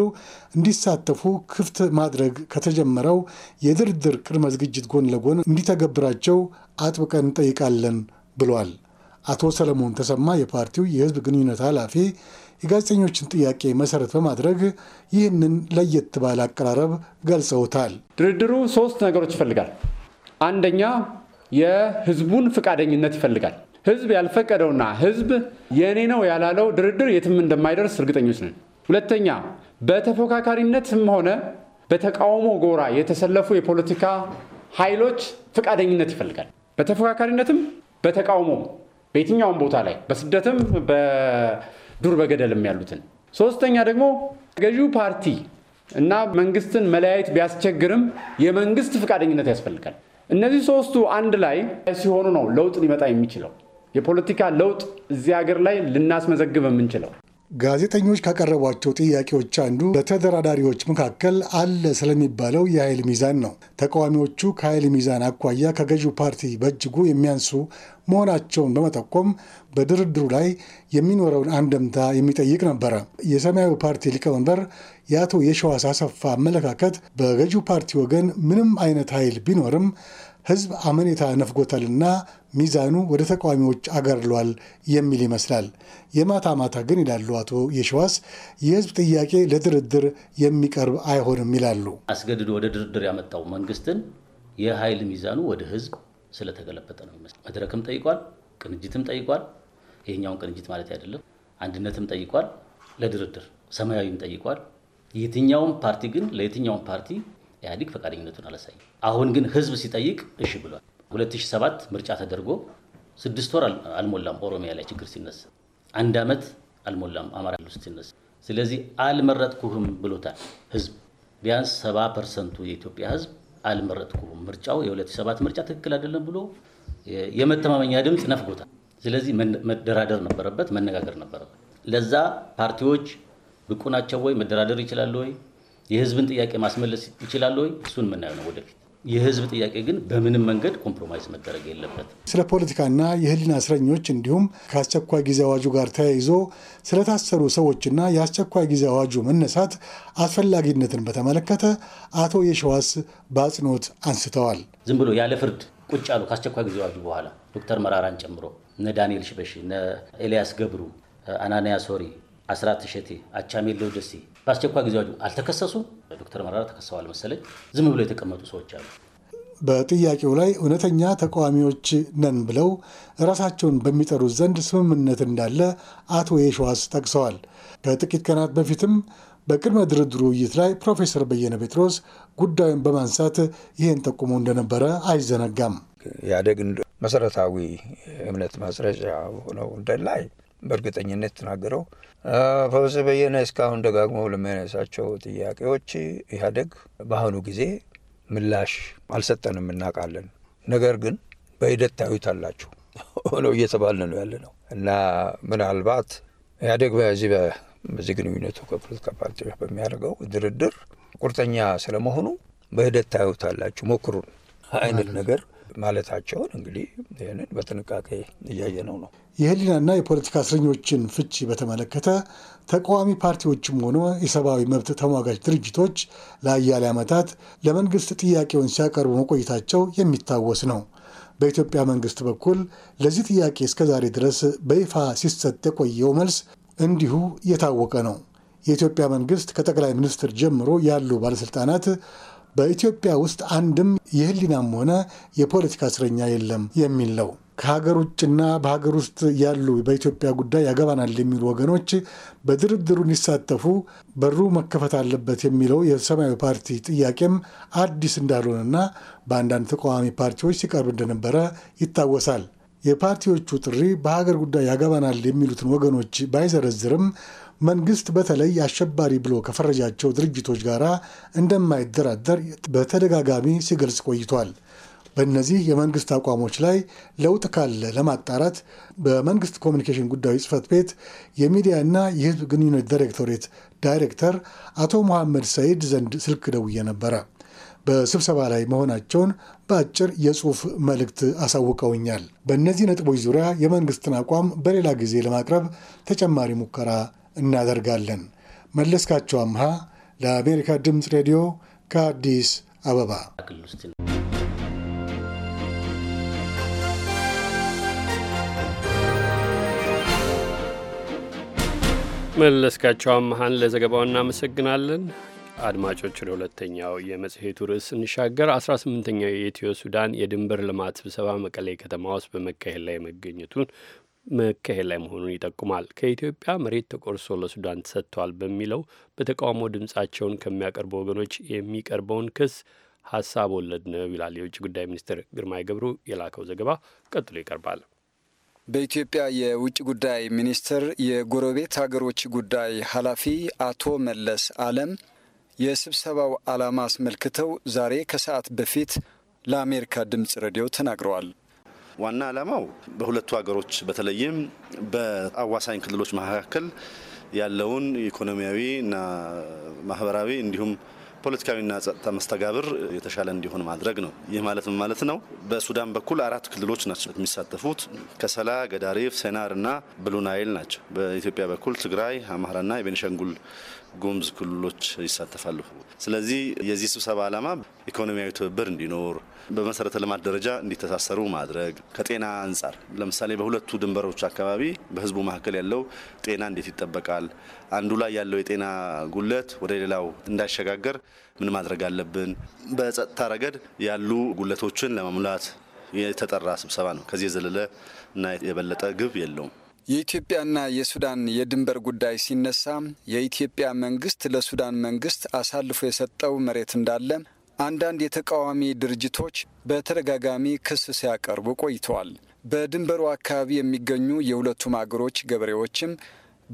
እንዲሳተፉ ክፍት ማድረግ ከተጀመረው የድርድር ቅድመ ዝግጅት ጎን ለጎን እንዲተገብራቸው አጥብቀን እንጠይቃለን ብሏል። አቶ ሰለሞን ተሰማ የፓርቲው የህዝብ ግንኙነት ኃላፊ የጋዜጠኞችን ጥያቄ መሰረት በማድረግ ይህንን ለየት ባለ አቀራረብ ገልጸውታል። ድርድሩ ሶስት ነገሮች ይፈልጋል። አንደኛ የህዝቡን ፈቃደኝነት ይፈልጋል። ህዝብ ያልፈቀደውና ህዝብ የእኔ ነው ያላለው ድርድር የትም እንደማይደርስ እርግጠኞች ነን። ሁለተኛ በተፎካካሪነትም ሆነ በተቃውሞ ጎራ የተሰለፉ የፖለቲካ ኃይሎች ፈቃደኝነት ይፈልጋል። በተፎካካሪነትም በተቃውሞ በየትኛውም ቦታ ላይ በስደትም በዱር በገደልም ያሉትን። ሶስተኛ ደግሞ ገዢው ፓርቲ እና መንግስትን መለያየት ቢያስቸግርም የመንግስት ፍቃደኝነት ያስፈልጋል። እነዚህ ሶስቱ አንድ ላይ ሲሆኑ ነው ለውጥ ሊመጣ የሚችለው የፖለቲካ ለውጥ እዚህ ሀገር ላይ ልናስመዘግብ የምንችለው። ጋዜጠኞች ካቀረቧቸው ጥያቄዎች አንዱ በተደራዳሪዎች መካከል አለ ስለሚባለው የኃይል ሚዛን ነው። ተቃዋሚዎቹ ከኃይል ሚዛን አኳያ ከገዢው ፓርቲ በእጅጉ የሚያንሱ መሆናቸውን በመጠቆም በድርድሩ ላይ የሚኖረውን አንደምታ የሚጠይቅ ነበረ። የሰማያዊ ፓርቲ ሊቀመንበር የአቶ የሸዋስ አሰፋ አመለካከት በገዢው ፓርቲ ወገን ምንም አይነት ኃይል ቢኖርም ህዝብ አመኔታ ነፍጎታልና ሚዛኑ ወደ ተቃዋሚዎች አገርሏል የሚል ይመስላል። የማታ ማታ ግን ይላሉ አቶ የሸዋስ የህዝብ ጥያቄ ለድርድር የሚቀርብ አይሆንም ይላሉ። አስገድዶ ወደ ድርድር ያመጣው መንግስትን የኃይል ሚዛኑ ወደ ህዝብ ስለተገለበጠ ነው ይመስል። መድረክም ጠይቋል፣ ቅንጅትም ጠይቋል። ይሄኛውን ቅንጅት ማለት አይደለም። አንድነትም ጠይቋል ለድርድር፣ ሰማያዊም ጠይቋል። የትኛውም ፓርቲ ግን ለየትኛውም ፓርቲ ኢህአዲግ ፈቃደኝነቱን አላሳይም። አሁን ግን ህዝብ ሲጠይቅ እሺ ብሏል። 2007 ምርጫ ተደርጎ ስድስት ወር አልሞላም ኦሮሚያ ላይ ችግር ሲነሳ፣ አንድ ዓመት አልሞላም አማራ ውስጥ ሲነሳ። ስለዚህ አልመረጥኩህም ብሎታል ህዝብ። ቢያንስ 70 ፐርሰንቱ የኢትዮጵያ ህዝብ አልመረጥኩም ምርጫው የ2007 ምርጫ ትክክል አይደለም ብሎ የመተማመኛ ድምፅ ነፍጎታል። ስለዚህ መደራደር ነበረበት፣ መነጋገር ነበረበት። ለዛ ፓርቲዎች ብቁ ናቸው ወይ? መደራደር ይችላሉ ወይ? የህዝብን ጥያቄ ማስመለስ ይችላሉ ወይ? እሱን የምናየው ነው ወደፊት። የህዝብ ጥያቄ ግን በምንም መንገድ ኮምፕሮማይዝ መደረግ የለበት። ስለ ፖለቲካና የህሊና እስረኞች እንዲሁም ከአስቸኳይ ጊዜ አዋጁ ጋር ተያይዞ ስለታሰሩ ሰዎችና የአስቸኳይ ጊዜ አዋጁ መነሳት አስፈላጊነትን በተመለከተ አቶ የሸዋስ በአጽንኦት አንስተዋል። ዝም ብሎ ያለ ፍርድ ቁጭ ያሉ ከአስቸኳይ ጊዜ አዋጁ በኋላ ዶክተር መራራን ጨምሮ እነ ዳንኤል ሽበሺ፣ እነ ኤልያስ ገብሩ፣ አናንያ ሶሪ፣ አስራት እሸቴ፣ አቻሜለው ደሴ በአስቸኳይ ጊዜ አዋጁ አልተከሰሱም። ዶክተር መራራ ተከሰዋል መሰለኝ። ዝም ብሎ የተቀመጡ ሰዎች አሉ። በጥያቄው ላይ እውነተኛ ተቃዋሚዎች ነን ብለው ራሳቸውን በሚጠሩት ዘንድ ስምምነት እንዳለ አቶ የሸዋስ ጠቅሰዋል። ከጥቂት ቀናት በፊትም በቅድመ ድርድሩ ውይይት ላይ ፕሮፌሰር በየነ ጴጥሮስ ጉዳዩን በማንሳት ይህን ጠቁሞ እንደነበረ አይዘነጋም። ኢህአዴግ መሰረታዊ እምነት ማስረጫ ሆነው እንደላይ በእርግጠኝነት ተናገረው። ፕሮፌሰር በየነ እስካሁን ደጋግሞ ለሚያነሳቸው ጥያቄዎች ኢህአዴግ በአሁኑ ጊዜ ምላሽ አልሰጠንም፣ እናውቃለን። ነገር ግን በሂደት ታዩታላችሁ ሆኖ እየተባልን ነው ያለ ነው እና ምናልባት ኢህአዴግ በዚህ በዚህ ግንኙነቱ ከፖለቲካ ፓርቲዎች በሚያደርገው ድርድር ቁርጠኛ ስለመሆኑ በሂደት ታዩታላችሁ፣ ሞክሩን አይነት ነገር ማለታቸውን እንግዲህ ይህንን በጥንቃቄ እያየነው ነው። የህሊናና የፖለቲካ እስረኞችን ፍቺ በተመለከተ ተቃዋሚ ፓርቲዎችም ሆኖ የሰብአዊ መብት ተሟጋች ድርጅቶች ለአያሌ ዓመታት ለመንግስት ጥያቄውን ሲያቀርቡ መቆየታቸው የሚታወስ ነው። በኢትዮጵያ መንግስት በኩል ለዚህ ጥያቄ እስከዛሬ ድረስ በይፋ ሲሰጥ የቆየው መልስ እንዲሁ የታወቀ ነው። የኢትዮጵያ መንግስት ከጠቅላይ ሚኒስትር ጀምሮ ያሉ ባለሥልጣናት በኢትዮጵያ ውስጥ አንድም የህሊናም ሆነ የፖለቲካ እስረኛ የለም የሚል ነው። ከሀገር ውጭና በሀገር ውስጥ ያሉ በኢትዮጵያ ጉዳይ ያገባናል የሚሉ ወገኖች በድርድሩ እንዲሳተፉ በሩ መከፈት አለበት የሚለው የሰማያዊ ፓርቲ ጥያቄም አዲስ እንዳልሆነና በአንዳንድ ተቃዋሚ ፓርቲዎች ሲቀርብ እንደነበረ ይታወሳል። የፓርቲዎቹ ጥሪ በሀገር ጉዳይ ያገባናል የሚሉትን ወገኖች ባይዘረዝርም መንግስት በተለይ አሸባሪ ብሎ ከፈረጃቸው ድርጅቶች ጋር እንደማይደራደር በተደጋጋሚ ሲገልጽ ቆይቷል። በእነዚህ የመንግስት አቋሞች ላይ ለውጥ ካለ ለማጣራት በመንግስት ኮሚኒኬሽን ጉዳዮች ጽህፈት ቤት የሚዲያና የህዝብ ግንኙነት ዳይሬክቶሬት ዳይሬክተር አቶ መሐመድ ሰይድ ዘንድ ስልክ ደውዬ ነበረ። በስብሰባ ላይ መሆናቸውን በአጭር የጽሑፍ መልእክት አሳውቀውኛል። በእነዚህ ነጥቦች ዙሪያ የመንግስትን አቋም በሌላ ጊዜ ለማቅረብ ተጨማሪ ሙከራ እናደርጋለን። መለስካቸው አምሃ ለአሜሪካ ድምፅ ሬዲዮ ከአዲስ አበባ። መለስካቸው አምሃን ለዘገባው እናመሰግናለን። አድማጮች ወደ ሁለተኛው የመጽሔቱ ርዕስ ስንሻገር 18ኛው የኢትዮ ሱዳን የድንበር ልማት ስብሰባ መቀሌ ከተማ ውስጥ በመካሄድ ላይ መገኘቱን መካሄድ ላይ መሆኑን ይጠቁማል። ከኢትዮጵያ መሬት ተቆርሶ ለሱዳን ተሰጥቷል በሚለው በተቃውሞ ድምፃቸውን ከሚያቀርቡ ወገኖች የሚቀርበውን ክስ ሀሳብ ወለድ ነው ይላል የውጭ ጉዳይ ሚኒስትር ግርማይ ገብሩ የላከው ዘገባ ቀጥሎ ይቀርባል። በኢትዮጵያ የውጭ ጉዳይ ሚኒስትር የጎረቤት ሀገሮች ጉዳይ ኃላፊ አቶ መለስ አለም የስብሰባው ዓላማ አስመልክተው ዛሬ ከሰዓት በፊት ለአሜሪካ ድምፅ ሬዲዮ ተናግረዋል። ዋና ዓላማው በሁለቱ ሀገሮች በተለይም በአዋሳኝ ክልሎች መካከል ያለውን ኢኮኖሚያዊና ማህበራዊ እንዲሁም ፖለቲካዊና ጸጥታ መስተጋብር የተሻለ እንዲሆን ማድረግ ነው። ይህ ማለት ምን ማለት ነው? በሱዳን በኩል አራት ክልሎች ናቸው የሚሳተፉት። ከሰላ፣ ገዳሪፍ፣ ሴናር ብሉ ብሉናይል ናቸው። በኢትዮጵያ በኩል ትግራይ፣ አማራና የቤኒሻንጉል ጉሙዝ ክልሎች ይሳተፋሉ። ስለዚህ የዚህ ስብሰባ ዓላማ ኢኮኖሚያዊ ትብብር እንዲኖር በመሰረተ ልማት ደረጃ እንዲተሳሰሩ ማድረግ፣ ከጤና አንጻር ለምሳሌ በሁለቱ ድንበሮች አካባቢ በህዝቡ መካከል ያለው ጤና እንዴት ይጠበቃል፣ አንዱ ላይ ያለው የጤና ጉለት ወደ ሌላው እንዳይሸጋገር ምን ማድረግ አለብን፣ በጸጥታ ረገድ ያሉ ጉለቶችን ለመሙላት የተጠራ ስብሰባ ነው። ከዚህ የዘለለ እና የበለጠ ግብ የለውም። የኢትዮጵያና የሱዳን የድንበር ጉዳይ ሲነሳ የኢትዮጵያ መንግስት ለሱዳን መንግስት አሳልፎ የሰጠው መሬት እንዳለ አንዳንድ የተቃዋሚ ድርጅቶች በተደጋጋሚ ክስ ሲያቀርቡ ቆይተዋል። በድንበሩ አካባቢ የሚገኙ የሁለቱም አገሮች ገበሬዎችም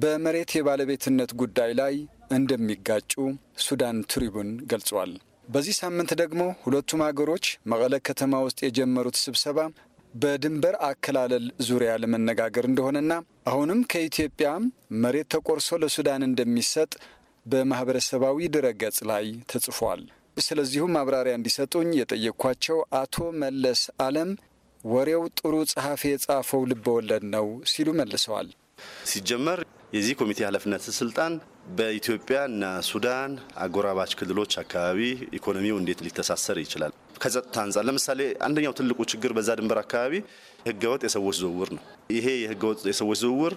በመሬት የባለቤትነት ጉዳይ ላይ እንደሚጋጩ ሱዳን ትሪቡን ገልጿል። በዚህ ሳምንት ደግሞ ሁለቱም አገሮች መቀለ ከተማ ውስጥ የጀመሩት ስብሰባ በድንበር አከላለል ዙሪያ ለመነጋገር እንደሆነና አሁንም ከኢትዮጵያ መሬት ተቆርሶ ለሱዳን እንደሚሰጥ በማህበረሰባዊ ድረገጽ ላይ ተጽፏል። ስለዚሁ ማብራሪያ እንዲሰጡኝ የጠየቅኳቸው አቶ መለስ አለም ወሬው ጥሩ ጸሐፊ የጻፈው ልበወለድ ነው ሲሉ መልሰዋል። ሲጀመር የዚህ ኮሚቴ ኃላፊነት ስልጣን በኢትዮጵያና ሱዳን አጎራባች ክልሎች አካባቢ ኢኮኖሚው እንዴት ሊተሳሰር ይችላል፣ ከጸጥታ አንጻር ለምሳሌ አንደኛው ትልቁ ችግር በዛ ድንበር አካባቢ ህገወጥ የሰዎች ዝውውር ነው። ይሄ የህገወጥ የሰዎች ዝውውር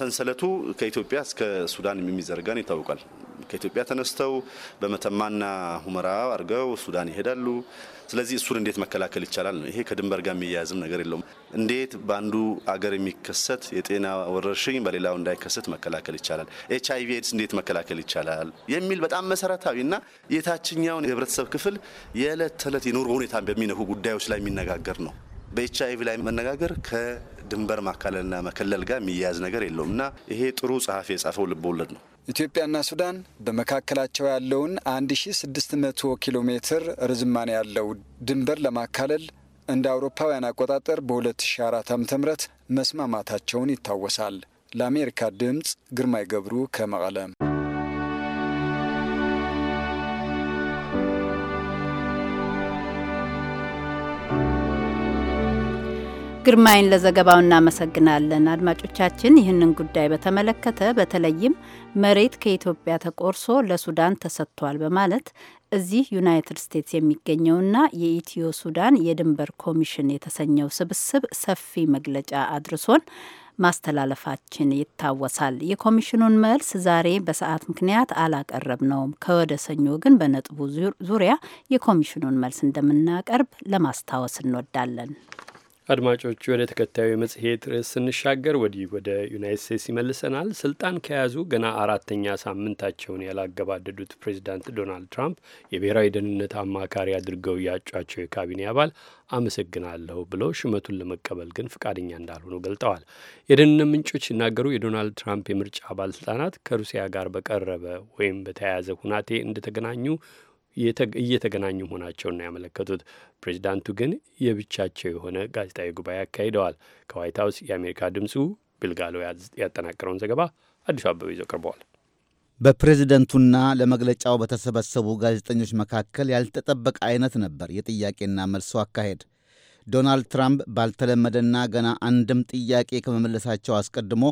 ሰንሰለቱ ከኢትዮጵያ እስከ ሱዳን የሚዘረጋን ይታወቃል። ከኢትዮጵያ ተነስተው በመተማና ሁመራ አድርገው ሱዳን ይሄዳሉ። ስለዚህ እሱን እንዴት መከላከል ይቻላል ነው። ይሄ ከድንበር ጋር የሚያያዝም ነገር የለውም። እንዴት በአንዱ አገር የሚከሰት የጤና ወረርሽኝ በሌላው እንዳይከሰት መከላከል ይቻላል፣ ኤች አይ ቪ ኤድስ እንዴት መከላከል ይቻላል የሚል በጣም መሰረታዊና የታችኛውን የህብረተሰብ ክፍል የዕለት ተዕለት የኑሮ ሁኔታ በሚነኩ ጉዳዮች ላይ የሚነጋገር ነው። በኤች አይ ቪ ላይ መነጋገር ከድንበር ማካለልና መከለል ጋር የሚያያዝ ነገር የለውም እና ይሄ ጥሩ ጸሐፊ የጻፈው ልብ ወለድ ነው። ኢትዮጵያና ሱዳን በመካከላቸው ያለውን 1600 ኪሎ ሜትር ርዝማኔ ያለው ድንበር ለማካለል እንደ አውሮፓውያን አቆጣጠር በ2004 ዓ ም መስማማታቸውን ይታወሳል። ለአሜሪካ ድምፅ ግርማይ ገብሩ ከመቀለም ግርማይን ለዘገባው እናመሰግናለን። አድማጮቻችን ይህንን ጉዳይ በተመለከተ በተለይም መሬት ከኢትዮጵያ ተቆርሶ ለሱዳን ተሰጥቷል በማለት እዚህ ዩናይትድ ስቴትስ የሚገኘውና የኢትዮ ሱዳን የድንበር ኮሚሽን የተሰኘው ስብስብ ሰፊ መግለጫ አድርሶን ማስተላለፋችን ይታወሳል። የኮሚሽኑን መልስ ዛሬ በሰዓት ምክንያት አላቀረብ ነውም ከወደ ሰኞ ግን በነጥቡ ዙሪያ የኮሚሽኑን መልስ እንደምናቀርብ ለማስታወስ እንወዳለን። አድማጮች ወደ ተከታዩ መጽሔት ርዕስ ስንሻገር ወዲህ ወደ ዩናይት ስቴትስ ይመልሰናል። ስልጣን ከያዙ ገና አራተኛ ሳምንታቸውን ያላገባደዱት ፕሬዚዳንት ዶናልድ ትራምፕ የብሔራዊ ደህንነት አማካሪ አድርገው ያጯቸው የካቢኔ አባል አመሰግናለሁ ብለው ሹመቱን ለመቀበል ግን ፈቃደኛ እንዳልሆኑ ገልጠዋል። የደህንነት ምንጮች ሲናገሩ የዶናልድ ትራምፕ የምርጫ ባለስልጣናት ከሩሲያ ጋር በቀረበ ወይም በተያያዘ ሁናቴ እንደተገናኙ እየተገናኙ መሆናቸውን ነው ያመለከቱት። ፕሬዚዳንቱ ግን የብቻቸው የሆነ ጋዜጣዊ ጉባኤ አካሂደዋል። ከዋይት ሀውስ የአሜሪካ ድምፁ ቢልጋሎ ያጠናቀረውን ዘገባ አዲሱ አበበ ይዞ ቀርበዋል። በፕሬዝደንቱና ለመግለጫው በተሰበሰቡ ጋዜጠኞች መካከል ያልተጠበቀ አይነት ነበር የጥያቄና መልሶ አካሄድ። ዶናልድ ትራምፕ ባልተለመደና ገና አንድም ጥያቄ ከመመለሳቸው አስቀድሞ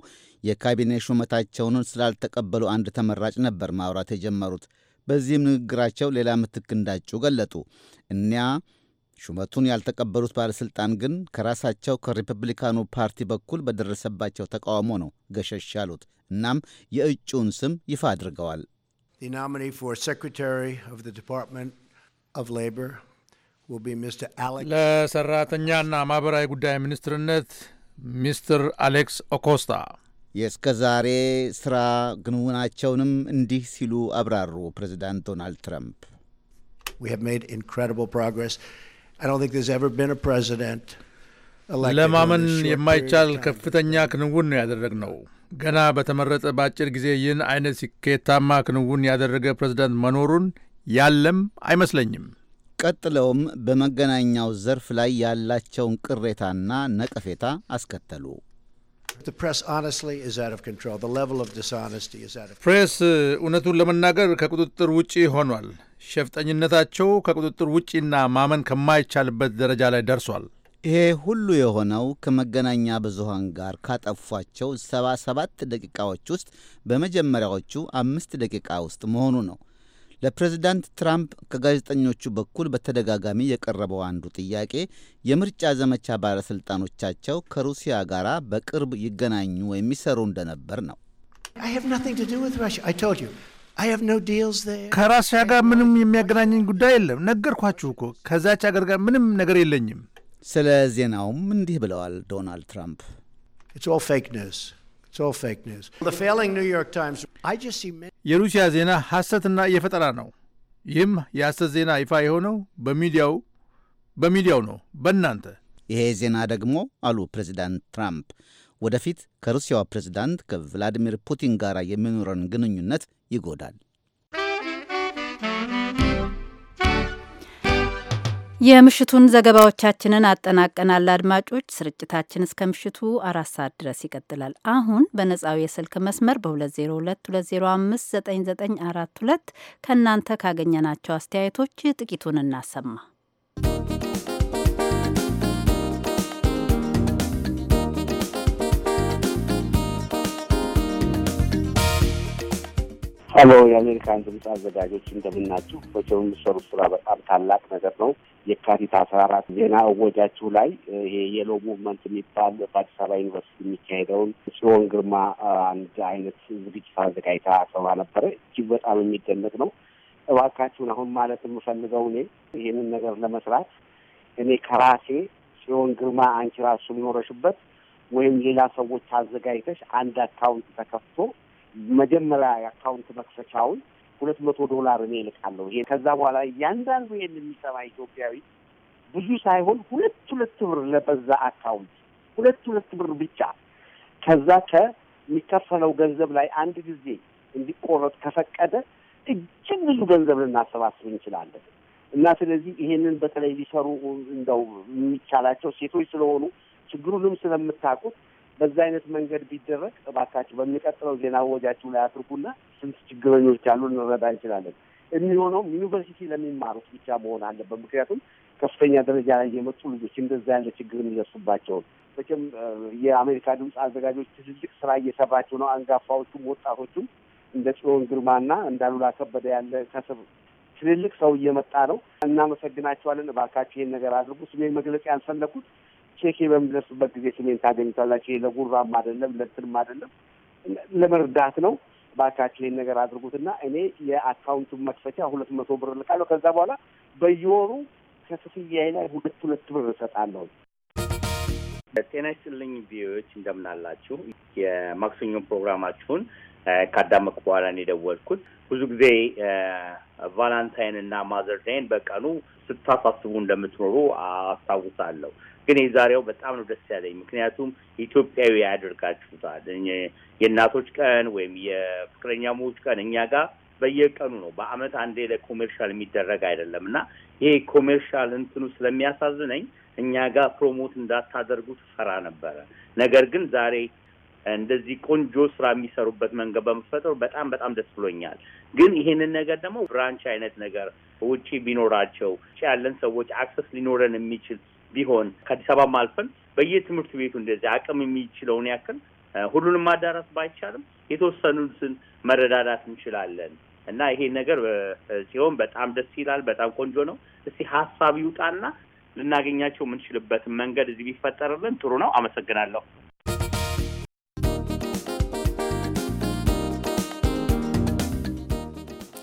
የካቢኔ ሹመታቸውን ስላልተቀበሉ አንድ ተመራጭ ነበር ማውራት የጀመሩት። በዚህም ንግግራቸው ሌላ ምትክ እንዳጩ ገለጡ። እኒያ ሹመቱን ያልተቀበሉት ባለሥልጣን ግን ከራሳቸው ከሪፐብሊካኑ ፓርቲ በኩል በደረሰባቸው ተቃውሞ ነው ገሸሽ ያሉት። እናም የእጩውን ስም ይፋ አድርገዋል። ለሰራተኛና ማኅበራዊ ጉዳይ ሚኒስትርነት ሚስትር አሌክስ ኦኮስታ የእስከ ዛሬ ስራ ግንውናቸውንም እንዲህ ሲሉ አብራሩ ፕሬዚዳንት ዶናልድ ትራምፕ ለማመን የማይቻል ከፍተኛ ክንውን ነው ያደረግነው። ገና በተመረጠ በአጭር ጊዜ ይህን አይነት ስኬታማ ክንውን ያደረገ ፕሬዚዳንት መኖሩን ያለም አይመስለኝም። ቀጥለውም በመገናኛው ዘርፍ ላይ ያላቸውን ቅሬታና ነቀፌታ አስከተሉ። ፕሬስ uh, እውነቱን ለመናገር ከቁጥጥር ውጪ ሆኗል። ሸፍጠኝነታቸው ከቁጥጥር ውጪና ማመን ከማይቻልበት ደረጃ ላይ ደርሷል። ይሄ ሁሉ የሆነው ከመገናኛ ብዙሃን ጋር ካጠፏቸው ሰባ ሰባት ደቂቃዎች ውስጥ በመጀመሪያዎቹ አምስት ደቂቃ ውስጥ መሆኑ ነው። ለፕሬዝዳንት ትራምፕ ከጋዜጠኞቹ በኩል በተደጋጋሚ የቀረበው አንዱ ጥያቄ የምርጫ ዘመቻ ባለሥልጣኖቻቸው ከሩሲያ ጋር በቅርብ ይገናኙ ወይም ይሰሩ እንደነበር ነው። ከራሲያ ጋር ምንም የሚያገናኘኝ ጉዳይ የለም። ነገርኳችሁ እኮ ከዛች አገር ጋር ምንም ነገር የለኝም። ስለ ዜናውም እንዲህ ብለዋል ዶናልድ ትራምፕ የሩሲያ ዜና ሐሰትና የፈጠራ ነው። ይህም የሐሰት ዜና ይፋ የሆነው በሚዲያው በሚዲያው ነው፣ በእናንተ ይሄ ዜና ደግሞ አሉ ፕሬዚዳንት ትራምፕ ወደፊት ከሩሲያው ፕሬዚዳንት ከቭላዲሚር ፑቲን ጋር የሚኖረን ግንኙነት ይጎዳል። የምሽቱን ዘገባዎቻችንን አጠናቀናል። አድማጮች ስርጭታችን እስከ ምሽቱ አራት ሰዓት ድረስ ይቀጥላል። አሁን በነጻው የስልክ መስመር በ2022059942 ከእናንተ ካገኘናቸው አስተያየቶች ጥቂቱን እናሰማ። ሀሎ፣ የአሜሪካን ድምፅ አዘጋጆች እንደምናችሁ። በቸው የሚሰሩት ስራ በጣም ታላቅ ነገር ነው። የካቲት አስራ አራት ዜና እወጃችሁ ላይ ይሄ የሎ ሙቭመንት የሚባል በአዲስ አበባ ዩኒቨርሲቲ የሚካሄደውን ጽዮን ግርማ አንድ አይነት ዝግጅት አዘጋጅታ አቅርባ ነበረ። እጅግ በጣም የሚደነቅ ነው። እባካችሁን አሁን ማለት የምፈልገው እኔ ይህንን ነገር ለመስራት እኔ ከራሴ ጽዮን ግርማ አንቺ ራሱ ሊኖረሽበት ወይም ሌላ ሰዎች አዘጋጅተሽ አንድ አካውንት ተከፍቶ መጀመሪያ የአካውንት መክፈቻውን ሁለት መቶ ዶላር እኔ እልካለሁ። ይሄ ከዛ በኋላ እያንዳንዱ ይሄን የሚሰማ ኢትዮጵያዊ ብዙ ሳይሆን ሁለት ሁለት ብር ለበዛ አካውንት ሁለት ሁለት ብር ብቻ ከዛ ከሚከፈለው ገንዘብ ላይ አንድ ጊዜ እንዲቆረጥ ከፈቀደ እጅግ ብዙ ገንዘብ ልናሰባስብ እንችላለን። እና ስለዚህ ይሄንን በተለይ ሊሰሩ እንደው የሚቻላቸው ሴቶች ስለሆኑ ችግሩንም ስለምታውቁት በዛ አይነት መንገድ ቢደረግ እባካችሁ በሚቀጥለው ዜና ወጃችሁ ላይ አትርጉና ስንት ችግረኞች አሉ እንረዳ እንችላለን። የሚሆነውም ዩኒቨርሲቲ ለሚማሩት ብቻ መሆን አለበት። ምክንያቱም ከፍተኛ ደረጃ ላይ የመጡ ልጆች እንደዛ ያለ ችግር የሚደርሱባቸውን መቼም የአሜሪካ ድምፅ አዘጋጆች ትልልቅ ስራ እየሰራቸው ነው። አንጋፋዎቹም ወጣቶቹም እንደ ጽዮን ግርማና እንደ አሉላ ከበደ ያለ ከስር ትልልቅ ሰው እየመጣ ነው። እናመሰግናቸዋለን። እባካችሁ ይህን ነገር አድርጉ። ስሜን መግለጽ ያልፈለኩት ቼኬ በሚደርስበት ጊዜ ስሜን ታገኙታላችሁ። ይሄ ለጉራም አይደለም ለእንትንም አይደለም ለመርዳት ነው። ባካችሁ ይሄን ነገር አድርጉትና እኔ የአካውንቱን መክፈቻ ሁለት መቶ ብር ልቃለ ከዛ በኋላ በየወሩ ከክፍያዬ ላይ ሁለት ሁለት ብር እሰጣለሁ። ጤና ይስጥልኝ ቪዎች እንደምናላችሁ። የማክሰኞ ፕሮግራማችሁን ካዳመቅ በኋላ ነው የደወልኩት። ብዙ ጊዜ ቫላንታይን እና ማዘር ዴይን በቀኑ ስታሳስቡ እንደምትኖሩ አስታውሳለሁ። ግን የዛሬው በጣም ነው ደስ ያለኝ። ምክንያቱም ኢትዮጵያዊ ያደርጋችሁታል። የእናቶች ቀን ወይም የፍቅረኛሞች ቀን እኛ ጋር በየቀኑ ነው። በአመት አንዴ ለኮሜርሻል የሚደረግ አይደለም እና ይሄ ኮሜርሻል እንትኑ ስለሚያሳዝነኝ እኛ ጋር ፕሮሞት እንዳታደርጉት ፈራ ነበረ። ነገር ግን ዛሬ እንደዚህ ቆንጆ ስራ የሚሰሩበት መንገድ በመፈጠሩ በጣም በጣም ደስ ብሎኛል። ግን ይሄንን ነገር ደግሞ ብራንች አይነት ነገር ውጪ ቢኖራቸው ውጪ ያለን ሰዎች አክሰስ ሊኖረን የሚችል ቢሆን ከአዲስ አበባ አልፈን በየትምህርት ቤቱ እንደዚህ አቅም የሚችለውን ያክል ሁሉንም ማዳረስ ባይቻልም የተወሰኑትን መረዳዳት እንችላለን እና ይሄ ነገር ሲሆን በጣም ደስ ይላል። በጣም ቆንጆ ነው። እስቲ ሀሳብ ይውጣና ልናገኛቸው የምንችልበትን መንገድ እዚህ ቢፈጠርልን ጥሩ ነው። አመሰግናለሁ።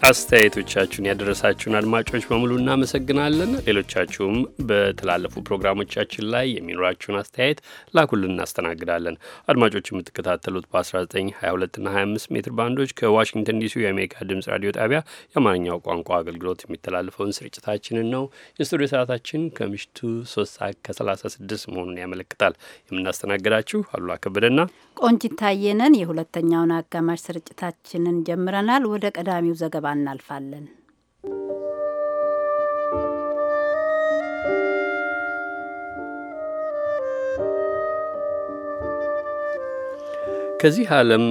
አስተያየቶቻችሁን ያደረሳችሁን አድማጮች በሙሉ እናመሰግናለን። ሌሎቻችሁም በተላለፉ ፕሮግራሞቻችን ላይ የሚኖራችሁን አስተያየት ላኩልን፣ እናስተናግዳለን። አድማጮች የምትከታተሉት በ1922 እና 25 ሜትር ባንዶች ከዋሽንግተን ዲሲ የአሜሪካ ድምፅ ራዲዮ ጣቢያ የአማርኛው ቋንቋ አገልግሎት የሚተላለፈውን ስርጭታችንን ነው። የስቱዲዮ ሰዓታችን ከምሽቱ 3 ሰዓት ከ36 መሆኑን ያመለክታል። የምናስተናግዳችሁ አሉላ ከበደና ቆንጂት ታየነን። የሁለተኛውን አጋማሽ ስርጭታችንን ጀምረናል። ወደ ቀዳሚው ዘገባ እናልፋለን። ከዚህ ዓለም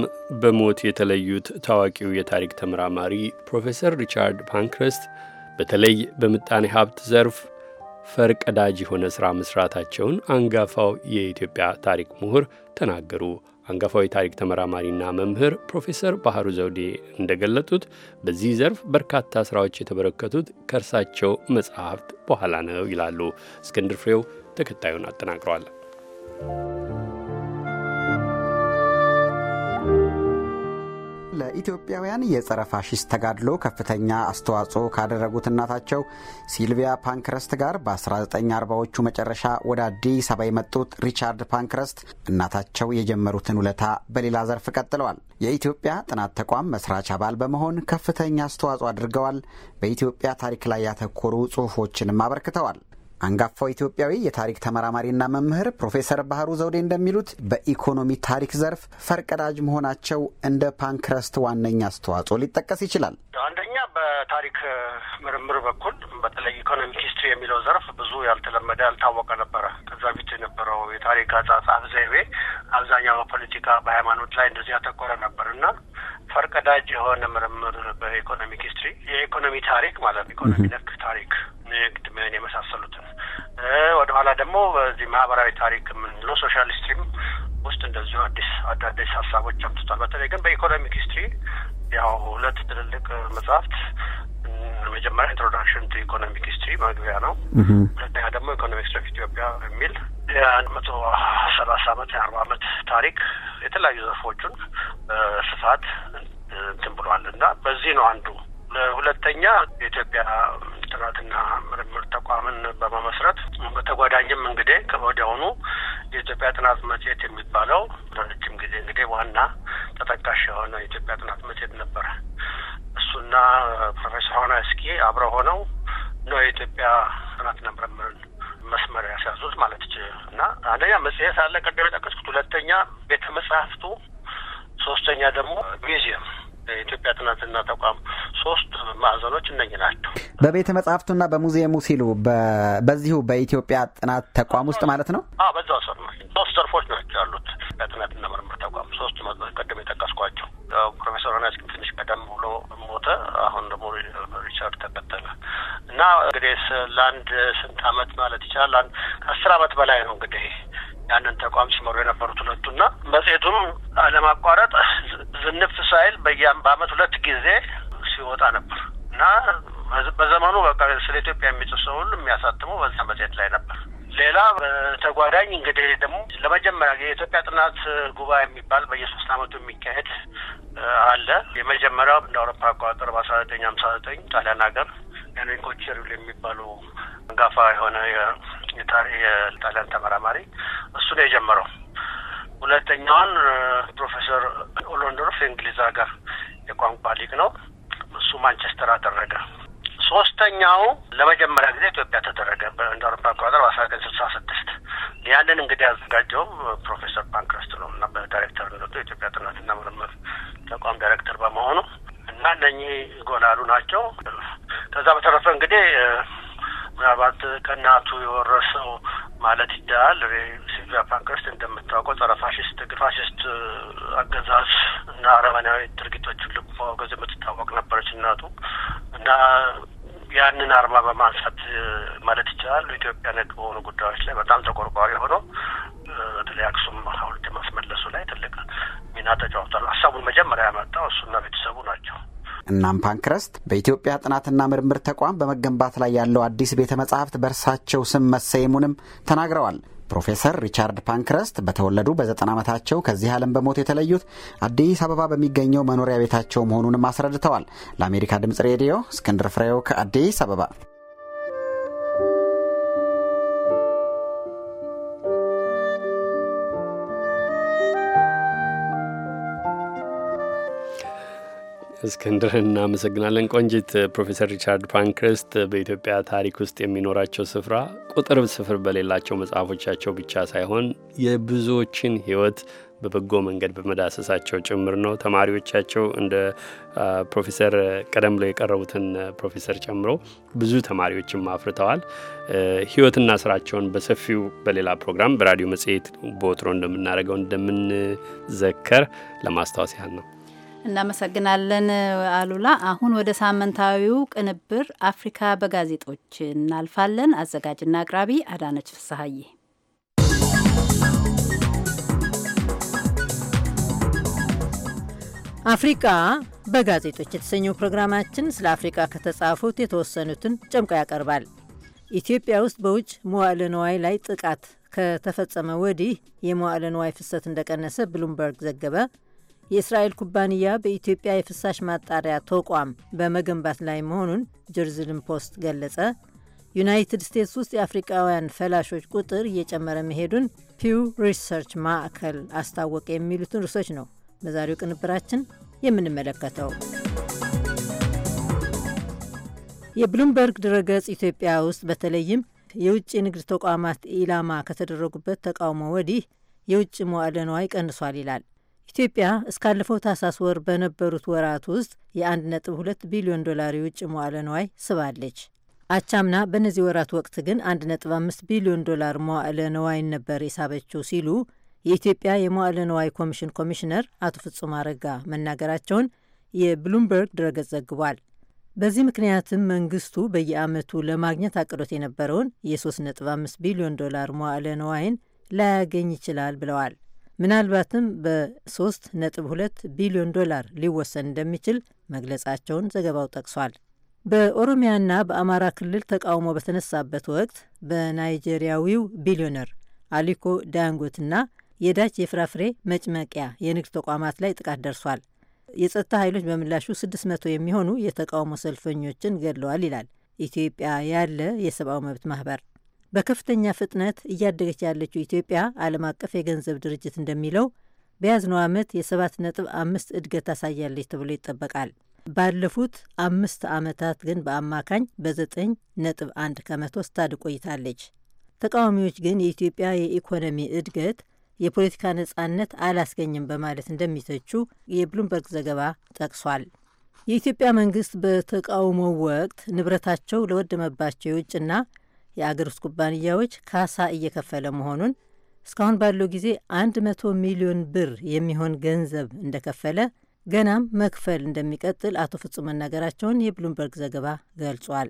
በሞት የተለዩት ታዋቂው የታሪክ ተመራማሪ ፕሮፌሰር ሪቻርድ ፓንክረስት በተለይ በምጣኔ ሀብት ዘርፍ ፈርቀዳጅ የሆነ ሥራ መሥራታቸውን አንጋፋው የኢትዮጵያ ታሪክ ምሁር ተናገሩ። አንጋፋዊ ታሪክ ተመራማሪና መምህር ፕሮፌሰር ባህሩ ዘውዴ እንደገለጡት በዚህ ዘርፍ በርካታ ስራዎች የተበረከቱት ከእርሳቸው መጽሐፍት በኋላ ነው ይላሉ። እስክንድር ፍሬው ተከታዩን አጠናቅሯል። ለኢትዮጵያውያን የጸረ ፋሽስት ተጋድሎ ከፍተኛ አስተዋጽኦ ካደረጉት እናታቸው ሲልቪያ ፓንክረስት ጋር በ1940ዎቹ መጨረሻ ወደ አዲስ አበባ የመጡት ሪቻርድ ፓንክረስት እናታቸው የጀመሩትን ውለታ በሌላ ዘርፍ ቀጥለዋል። የኢትዮጵያ ጥናት ተቋም መስራች አባል በመሆን ከፍተኛ አስተዋጽኦ አድርገዋል። በኢትዮጵያ ታሪክ ላይ ያተኮሩ ጽሑፎችንም አበርክተዋል። አንጋፋው ኢትዮጵያዊ የታሪክ ተመራማሪና መምህር ፕሮፌሰር ባህሩ ዘውዴ እንደሚሉት በኢኮኖሚ ታሪክ ዘርፍ ፈርቀዳጅ መሆናቸው እንደ ፓንክረስት ዋነኛ አስተዋጽኦ ሊጠቀስ ይችላል። አንደኛ በታሪክ ምርምር በኩል በተለይ ኢኮኖሚክ ሂስትሪ የሚለው ዘርፍ ብዙ ያልተለመደ ያልታወቀ ነበረ። ከዛ ፊት የነበረው የታሪክ አጻጻፍ ዘይቤ አብዛኛው በፖለቲካ በሃይማኖት ላይ እንደዚህ ያተኮረ ነበር እና ፈርቀዳጅ የሆነ ምርምር በኢኮኖሚክ ሂስትሪ የኢኮኖሚ ታሪክ ማለት ኢኮኖሚ ሁለተኛ ደግሞ ኢኮኖሚክስ ኦፍ ኢትዮጵያ በሚል የአንድ መቶ በቤተ መጽሐፍቱና በሙዚየሙ ሲሉ በዚሁ በኢትዮጵያ ጥናት ተቋም ውስጥ ማለት ነው። በዛ ሰር ሶስት ዘርፎች ናቸው ያሉት በጥናትና ምርምር ተቋም ሶስት ቀደም የጠቀስኳቸው ፕሮፌሰር ዮናስኪን ትንሽ ቀደም ብሎ ሞተ። አሁን ደግሞ ሪቻርድ ተከተለ እና እንግዲህ ለአንድ ስንት አመት ማለት ይቻላል አንድ ከአስር አመት በላይ ነው እንግዲህ ያንን ተቋም ሲመሩ የነበሩት ሁለቱ እና መጽሄቱም አለማቋረጥ ዝንፍ ሳይል በየ በአመት ሁለት ጊዜ ሲወጣ ነበር እና በዘመኑ በቃ ስለ ኢትዮጵያ የሚጽፍ ሰው ሁሉ የሚያሳትመው በዛ መጽሔት ላይ ነበር። ሌላ በተጓዳኝ እንግዲህ ደግሞ ለመጀመሪያ የኢትዮጵያ ጥናት ጉባኤ የሚባል በየሶስት ዓመቱ የሚካሄድ አለ። የመጀመሪያው እንደ አውሮፓ አቆጣጠር በአስራ ዘጠኝ ሀምሳ ዘጠኝ ጣሊያን ሀገር ኤንሪኮ የሚባሉ አንጋፋ የሆነ የጣሊያን ተመራማሪ እሱ ነው የጀመረው። ሁለተኛውን ፕሮፌሰር ኦሎንዶርፍ የእንግሊዝ ሀገር የቋንቋ ሊቅ ነው። እሱ ማንቸስተር አደረገ። ሶስተኛው ለመጀመሪያ ጊዜ ኢትዮጵያ ተደረገ እንደ አውሮፓ አቆጣጠር በአስራ ዘጠኝ ስልሳ ስድስት ያንን እንግዲህ ያዘጋጀው ፕሮፌሰር ፓንክረስት ነው እና በዳይሬክተር ነቱ የኢትዮጵያ ጥናትና ምርምር ተቋም ዳይሬክተር በመሆኑ እና እነኚህ ጎላሉ ናቸው። ከዛ በተረፈ እንግዲህ ምናልባት ከእናቱ የወረሰው ማለት ይቻላል። ሲልቪያ ፓንክረስት እንደምታውቀው ጸረ ፋሽስት ፋሽስት አገዛዝ እና አረመናዊ ድርጊቶችን ልቆ ገዝ የምትታወቅ ነበረች እናቱ እና ያንን አርማ በማንሳት ማለት ይቻላል በኢትዮጵያ ነክ በሆኑ ጉዳዮች ላይ በጣም ተቆርቋሪ የሆነው በተለይ አክሱም ሐውልት ማስመለሱ ላይ ትልቅ ሚና ተጫውቷል። ሀሳቡን መጀመሪያ ያመጣው እሱና ቤተሰቡ ናቸው። እናም ፓንክረስት በኢትዮጵያ ጥናትና ምርምር ተቋም በመገንባት ላይ ያለው አዲስ ቤተ መጻሕፍት በእርሳቸው ስም መሰየሙንም ተናግረዋል። ፕሮፌሰር ሪቻርድ ፓንክረስት በተወለዱ በዘጠና ዓመታቸው ከዚህ ዓለም በሞት የተለዩት አዲስ አበባ በሚገኘው መኖሪያ ቤታቸው መሆኑንም አስረድተዋል። ለአሜሪካ ድምፅ ሬዲዮ እስክንድር ፍሬው ከአዲስ አበባ እስክንድር እናመሰግናለን። ቆንጂት፣ ፕሮፌሰር ሪቻርድ ፓንክረስት በኢትዮጵያ ታሪክ ውስጥ የሚኖራቸው ስፍራ ቁጥር ስፍር በሌላቸው መጽሐፎቻቸው ብቻ ሳይሆን የብዙዎችን ሕይወት በበጎ መንገድ በመዳሰሳቸው ጭምር ነው። ተማሪዎቻቸው እንደ ፕሮፌሰር ቀደም ብለው የቀረቡትን ፕሮፌሰር ጨምሮ ብዙ ተማሪዎችም አፍርተዋል። ሕይወትና ስራቸውን በሰፊው በሌላ ፕሮግራም በራዲዮ መጽሔት በወትሮ እንደምናደርገው እንደምንዘከር ለማስታወስ ያህል ነው። እናመሰግናለን አሉላ። አሁን ወደ ሳምንታዊው ቅንብር አፍሪካ በጋዜጦች እናልፋለን። አዘጋጅና አቅራቢ አዳነች ፍስሀዬ። አፍሪቃ በጋዜጦች የተሰኘው ፕሮግራማችን ስለ አፍሪቃ ከተጻፉት የተወሰኑትን ጨምቆ ያቀርባል። ኢትዮጵያ ውስጥ በውጭ መዋዕለ ንዋይ ላይ ጥቃት ከተፈጸመ ወዲህ የመዋዕለ ንዋይ ፍሰት እንደቀነሰ ብሉምበርግ ዘገበ። የእስራኤል ኩባንያ በኢትዮጵያ የፍሳሽ ማጣሪያ ተቋም በመገንባት ላይ መሆኑን ጀሩዛሌም ፖስት ገለጸ። ዩናይትድ ስቴትስ ውስጥ የአፍሪቃውያን ፈላሾች ቁጥር እየጨመረ መሄዱን ፒው ሪሰርች ማዕከል አስታወቀ። የሚሉትን ርዕሶች ነው በዛሬው ቅንብራችን የምንመለከተው። የብሉምበርግ ድረገጽ ኢትዮጵያ ውስጥ በተለይም የውጭ ንግድ ተቋማት ኢላማ ከተደረጉበት ተቃውሞ ወዲህ የውጭ መዋዕለ ንዋይ ቀንሷል ይላል። ኢትዮጵያ እስካለፈው ታህሳስ ወር በነበሩት ወራት ውስጥ የ1.2 ቢሊዮን ዶላር የውጭ መዋለ ንዋይ ስባለች። አቻምና በእነዚህ ወራት ወቅት ግን 1.5 ቢሊዮን ዶላር መዋዕለ ንዋይን ነበር የሳበችው ሲሉ የኢትዮጵያ የመዋዕለ ንዋይ ኮሚሽን ኮሚሽነር አቶ ፍጹም አረጋ መናገራቸውን የብሉምበርግ ድረገጽ ዘግቧል። በዚህ ምክንያትም መንግስቱ በየዓመቱ ለማግኘት አቅዶት የነበረውን የ3.5 ቢሊዮን ዶላር መዋዕለ ንዋይን ላያገኝ ይችላል ብለዋል። ምናልባትም በ3.2 ቢሊዮን ዶላር ሊወሰን እንደሚችል መግለጻቸውን ዘገባው ጠቅሷል። በኦሮሚያና በአማራ ክልል ተቃውሞ በተነሳበት ወቅት በናይጄሪያዊው ቢሊዮነር አሊኮ ዳንጎትና የዳች የፍራፍሬ መጭመቂያ የንግድ ተቋማት ላይ ጥቃት ደርሷል። የጸጥታ ኃይሎች በምላሹ 600 የሚሆኑ የተቃውሞ ሰልፈኞችን ገድለዋል ይላል ኢትዮጵያ ያለ የሰብአዊ መብት ማህበር። በከፍተኛ ፍጥነት እያደገች ያለችው ኢትዮጵያ ዓለም አቀፍ የገንዘብ ድርጅት እንደሚለው በያዝነው ዓመት የ አምስት እድገት ታሳያለች ተብሎ ይጠበቃል። ባለፉት አምስት ዓመታት ግን በአማካኝ በ 1 ከመቶ ስታድ ቆይታለች። ተቃዋሚዎች ግን የኢትዮጵያ የኢኮኖሚ እድገት የፖለቲካ ነጻነት አላስገኝም በማለት እንደሚተቹ የብሉምበርግ ዘገባ ጠቅሷል። የኢትዮጵያ መንግስት በተቃውሞው ወቅት ንብረታቸው ለወደመባቸው የውጭና የአገር ውስጥ ኩባንያዎች ካሳ እየከፈለ መሆኑን እስካሁን ባለው ጊዜ 100 ሚሊዮን ብር የሚሆን ገንዘብ እንደከፈለ ገናም መክፈል እንደሚቀጥል አቶ ፍጹም መናገራቸውን የብሉምበርግ ዘገባ ገልጿል።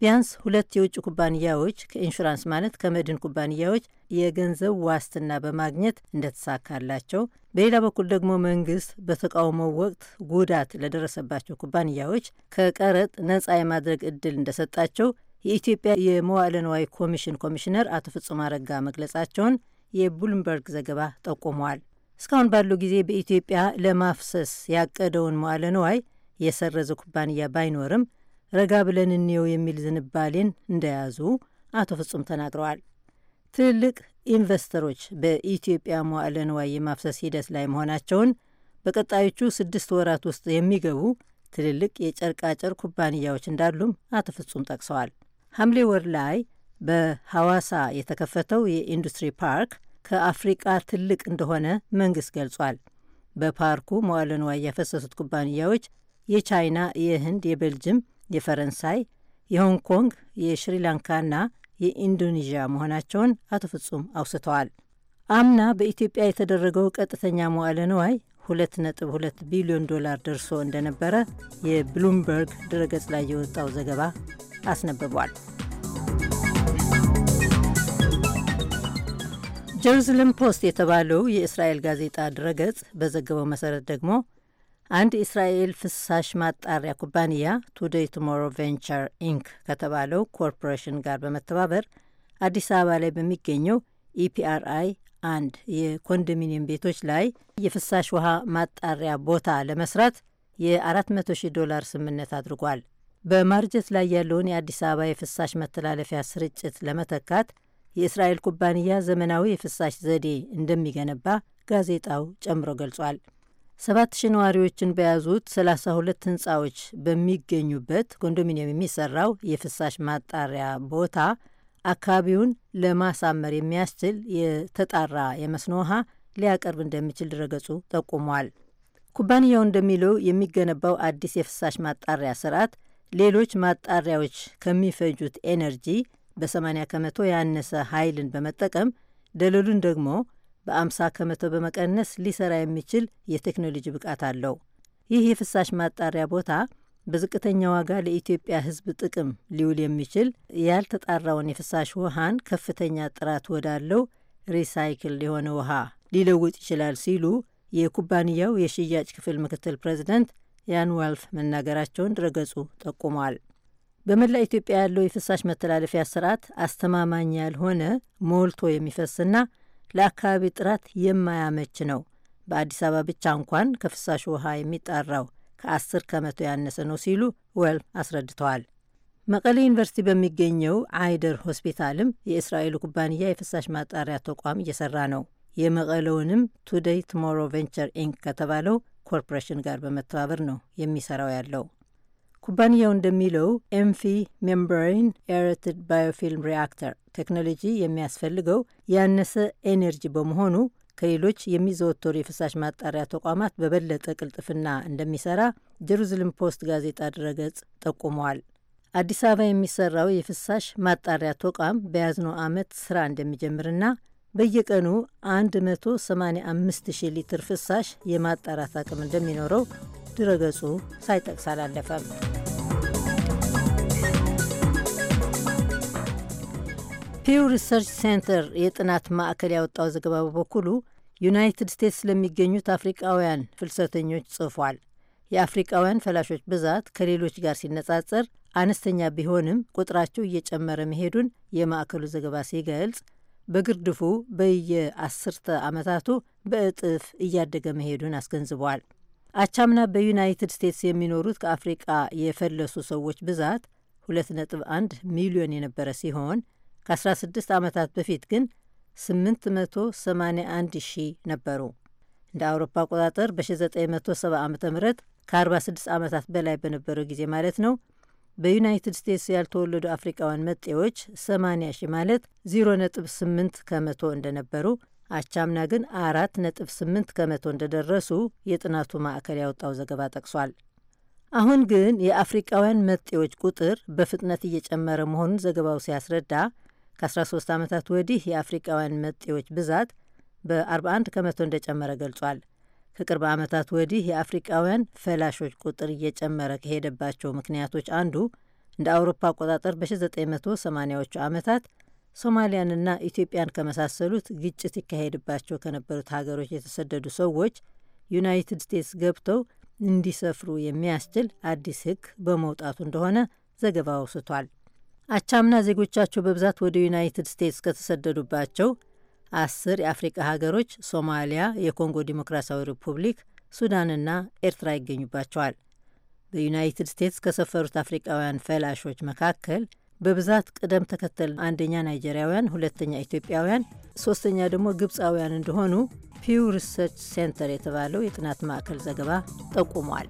ቢያንስ ሁለት የውጭ ኩባንያዎች ከኢንሹራንስ ማለት ከመድን ኩባንያዎች የገንዘብ ዋስትና በማግኘት እንደተሳካላቸው፣ በሌላ በኩል ደግሞ መንግስት በተቃውሞው ወቅት ጉዳት ለደረሰባቸው ኩባንያዎች ከቀረጥ ነጻ የማድረግ እድል እንደሰጣቸው የኢትዮጵያ የመዋዕለ ንዋይ ኮሚሽን ኮሚሽነር አቶ ፍጹም አረጋ መግለጻቸውን የቡልምበርግ ዘገባ ጠቁመዋል። እስካሁን ባለው ጊዜ በኢትዮጵያ ለማፍሰስ ያቀደውን መዋዕለ ንዋይ የሰረዘ ኩባንያ ባይኖርም ረጋ ብለን እንየው የሚል ዝንባሌን እንደያዙ አቶ ፍጹም ተናግረዋል። ትልልቅ ኢንቨስተሮች በኢትዮጵያ መዋዕለ ንዋይ የማፍሰስ ሂደት ላይ መሆናቸውን በቀጣዮቹ ስድስት ወራት ውስጥ የሚገቡ ትልልቅ የጨርቃጨርቅ ኩባንያዎች እንዳሉም አቶ ፍጹም ጠቅሰዋል። ሐምሌ ወር ላይ በሐዋሳ የተከፈተው የኢንዱስትሪ ፓርክ ከአፍሪቃ ትልቅ እንደሆነ መንግስት ገልጿል። በፓርኩ መዋለ ንዋይ ያፈሰሱት ኩባንያዎች የቻይና፣ የህንድ፣ የቤልጅም፣ የፈረንሳይ፣ የሆንግ ኮንግ፣ የሽሪላንካና የኢንዶኔዥያ መሆናቸውን አቶ ፍጹም አውስተዋል። አምና በኢትዮጵያ የተደረገው ቀጥተኛ መዋለ ንዋይ 2.2 ቢሊዮን ዶላር ደርሶ እንደነበረ የብሉምበርግ ድረገጽ ላይ የወጣው ዘገባ አስነብቧል። ጀሩሳሌም ፖስት የተባለው የእስራኤል ጋዜጣ ድረገጽ በዘገበው መሰረት ደግሞ አንድ የእስራኤል ፍሳሽ ማጣሪያ ኩባንያ ቱዴይ ቱሞሮ ቬንቸር ኢንክ ከተባለው ኮርፖሬሽን ጋር በመተባበር አዲስ አበባ ላይ በሚገኘው ኢፒአርአይ አንድ የኮንዶሚኒየም ቤቶች ላይ የፍሳሽ ውሃ ማጣሪያ ቦታ ለመስራት የ400 ሺህ ዶላር ስምምነት አድርጓል። በማርጀት ላይ ያለውን የአዲስ አበባ የፍሳሽ መተላለፊያ ስርጭት ለመተካት የእስራኤል ኩባንያ ዘመናዊ የፍሳሽ ዘዴ እንደሚገነባ ጋዜጣው ጨምሮ ገልጿል። ሰባት ሺህ ነዋሪዎችን በያዙት ሁለት ህንፃዎች በሚገኙበት ኮንዶሚኒየም የሚሰራው የፍሳሽ ማጣሪያ ቦታ አካባቢውን ለማሳመር የሚያስችል የተጣራ የመስኖ ውሃ ሊያቀርብ እንደሚችል ድረገጹ ጠቁሟል። ኩባንያው እንደሚለው የሚገነባው አዲስ የፍሳሽ ማጣሪያ ስርዓት ሌሎች ማጣሪያዎች ከሚፈጁት ኤነርጂ በ80 ከመቶ ያነሰ ኃይልን በመጠቀም ደለሉን ደግሞ በ50 ከመቶ በመቀነስ ሊሰራ የሚችል የቴክኖሎጂ ብቃት አለው። ይህ የፍሳሽ ማጣሪያ ቦታ በዝቅተኛ ዋጋ ለኢትዮጵያ ሕዝብ ጥቅም ሊውል የሚችል ያልተጣራውን የፍሳሽ ውሃን ከፍተኛ ጥራት ወዳለው ሪሳይክል የሆነ ውሃ ሊለውጥ ይችላል ሲሉ የኩባንያው የሽያጭ ክፍል ምክትል ፕሬዚደንት ያን ወልፍ መናገራቸውን ድረገጹ ጠቁሟል። በመላ ኢትዮጵያ ያለው የፍሳሽ መተላለፊያ ስርዓት አስተማማኝ ያልሆነ ሞልቶ የሚፈስና ለአካባቢ ጥራት የማያመች ነው። በአዲስ አበባ ብቻ እንኳን ከፍሳሽ ውሃ የሚጣራው ከአስር ከመቶ ያነሰ ነው ሲሉ ወልፍ አስረድተዋል። መቀሌ ዩኒቨርሲቲ በሚገኘው አይደር ሆስፒታልም የእስራኤሉ ኩባንያ የፍሳሽ ማጣሪያ ተቋም እየሰራ ነው። የመቀለውንም ቱደይ ቱሞሮ ቬንቸር ኢንክ ከተባለው ኮርፖሬሽን ጋር በመተባበር ነው የሚሰራው ያለው። ኩባንያው እንደሚለው ኤምፊ ሜምብሬን ኤረትድ ባዮፊልም ሪአክተር ቴክኖሎጂ የሚያስፈልገው ያነሰ ኤነርጂ በመሆኑ ከሌሎች የሚዘወተሩ የፍሳሽ ማጣሪያ ተቋማት በበለጠ ቅልጥፍና እንደሚሰራ ጀሩዝልም ፖስት ጋዜጣ ድረገጽ ጠቁመዋል። አዲስ አበባ የሚሰራው የፍሳሽ ማጣሪያ ተቋም በያዝነው ዓመት ስራ እንደሚጀምርና በየቀኑ 185 ሺህ ሊትር ፍሳሽ የማጣራት አቅም እንደሚኖረው ድረገጹ ሳይጠቅስ አላለፈም። ፒው ሪሰርች ሴንተር የጥናት ማዕከል ያወጣው ዘገባ በበኩሉ ዩናይትድ ስቴትስ ስለሚገኙት አፍሪቃውያን ፍልሰተኞች ጽፏል። የአፍሪቃውያን ፈላሾች ብዛት ከሌሎች ጋር ሲነጻጸር አነስተኛ ቢሆንም ቁጥራቸው እየጨመረ መሄዱን የማዕከሉ ዘገባ ሲገልጽ በግርድፉ በየአስርተ ዓመታቱ በእጥፍ እያደገ መሄዱን አስገንዝበዋል። አቻምና በዩናይትድ ስቴትስ የሚኖሩት ከአፍሪቃ የፈለሱ ሰዎች ብዛት 2.1 ሚሊዮን የነበረ ሲሆን ከ16 ዓመታት በፊት ግን 881 ሺህ ነበሩ። እንደ አውሮፓ አቆጣጠር በ1970 ዓ ም ከ46 ዓመታት በላይ በነበረው ጊዜ ማለት ነው በዩናይትድ ስቴትስ ያልተወለዱ አፍሪካውያን መጤዎች 80 ሺ ማለት 0.8 ከመቶ እንደነበሩ አቻምና ግን 4.8 ከመቶ እንደደረሱ የጥናቱ ማዕከል ያወጣው ዘገባ ጠቅሷል። አሁን ግን የአፍሪቃውያን መጤዎች ቁጥር በፍጥነት እየጨመረ መሆኑን ዘገባው ሲያስረዳ ከ13 ዓመታት ወዲህ የአፍሪቃውያን መጤዎች ብዛት በ41 ከመቶ እንደጨመረ ገልጿል። ከቅርብ ዓመታት ወዲህ የአፍሪቃውያን ፈላሾች ቁጥር እየጨመረ ከሄደባቸው ምክንያቶች አንዱ እንደ አውሮፓ አቆጣጠር በ1980ዎቹ ዓመታት ሶማሊያንና ኢትዮጵያን ከመሳሰሉት ግጭት ይካሄድባቸው ከነበሩት ሀገሮች የተሰደዱ ሰዎች ዩናይትድ ስቴትስ ገብተው እንዲሰፍሩ የሚያስችል አዲስ ሕግ በመውጣቱ እንደሆነ ዘገባ አውስቷል። አቻምና ዜጎቻቸው በብዛት ወደ ዩናይትድ ስቴትስ ከተሰደዱባቸው አስር የአፍሪቃ ሀገሮች ሶማሊያ፣ የኮንጎ ዲሞክራሲያዊ ሪፑብሊክ፣ ሱዳንና ኤርትራ ይገኙባቸዋል። በዩናይትድ ስቴትስ ከሰፈሩት አፍሪቃውያን ፈላሾች መካከል በብዛት ቅደም ተከተል አንደኛ ናይጄሪያውያን፣ ሁለተኛ ኢትዮጵያውያን፣ ሶስተኛ ደግሞ ግብፃውያን እንደሆኑ ፒው ሪሰርች ሴንተር የተባለው የጥናት ማዕከል ዘገባ ጠቁሟል።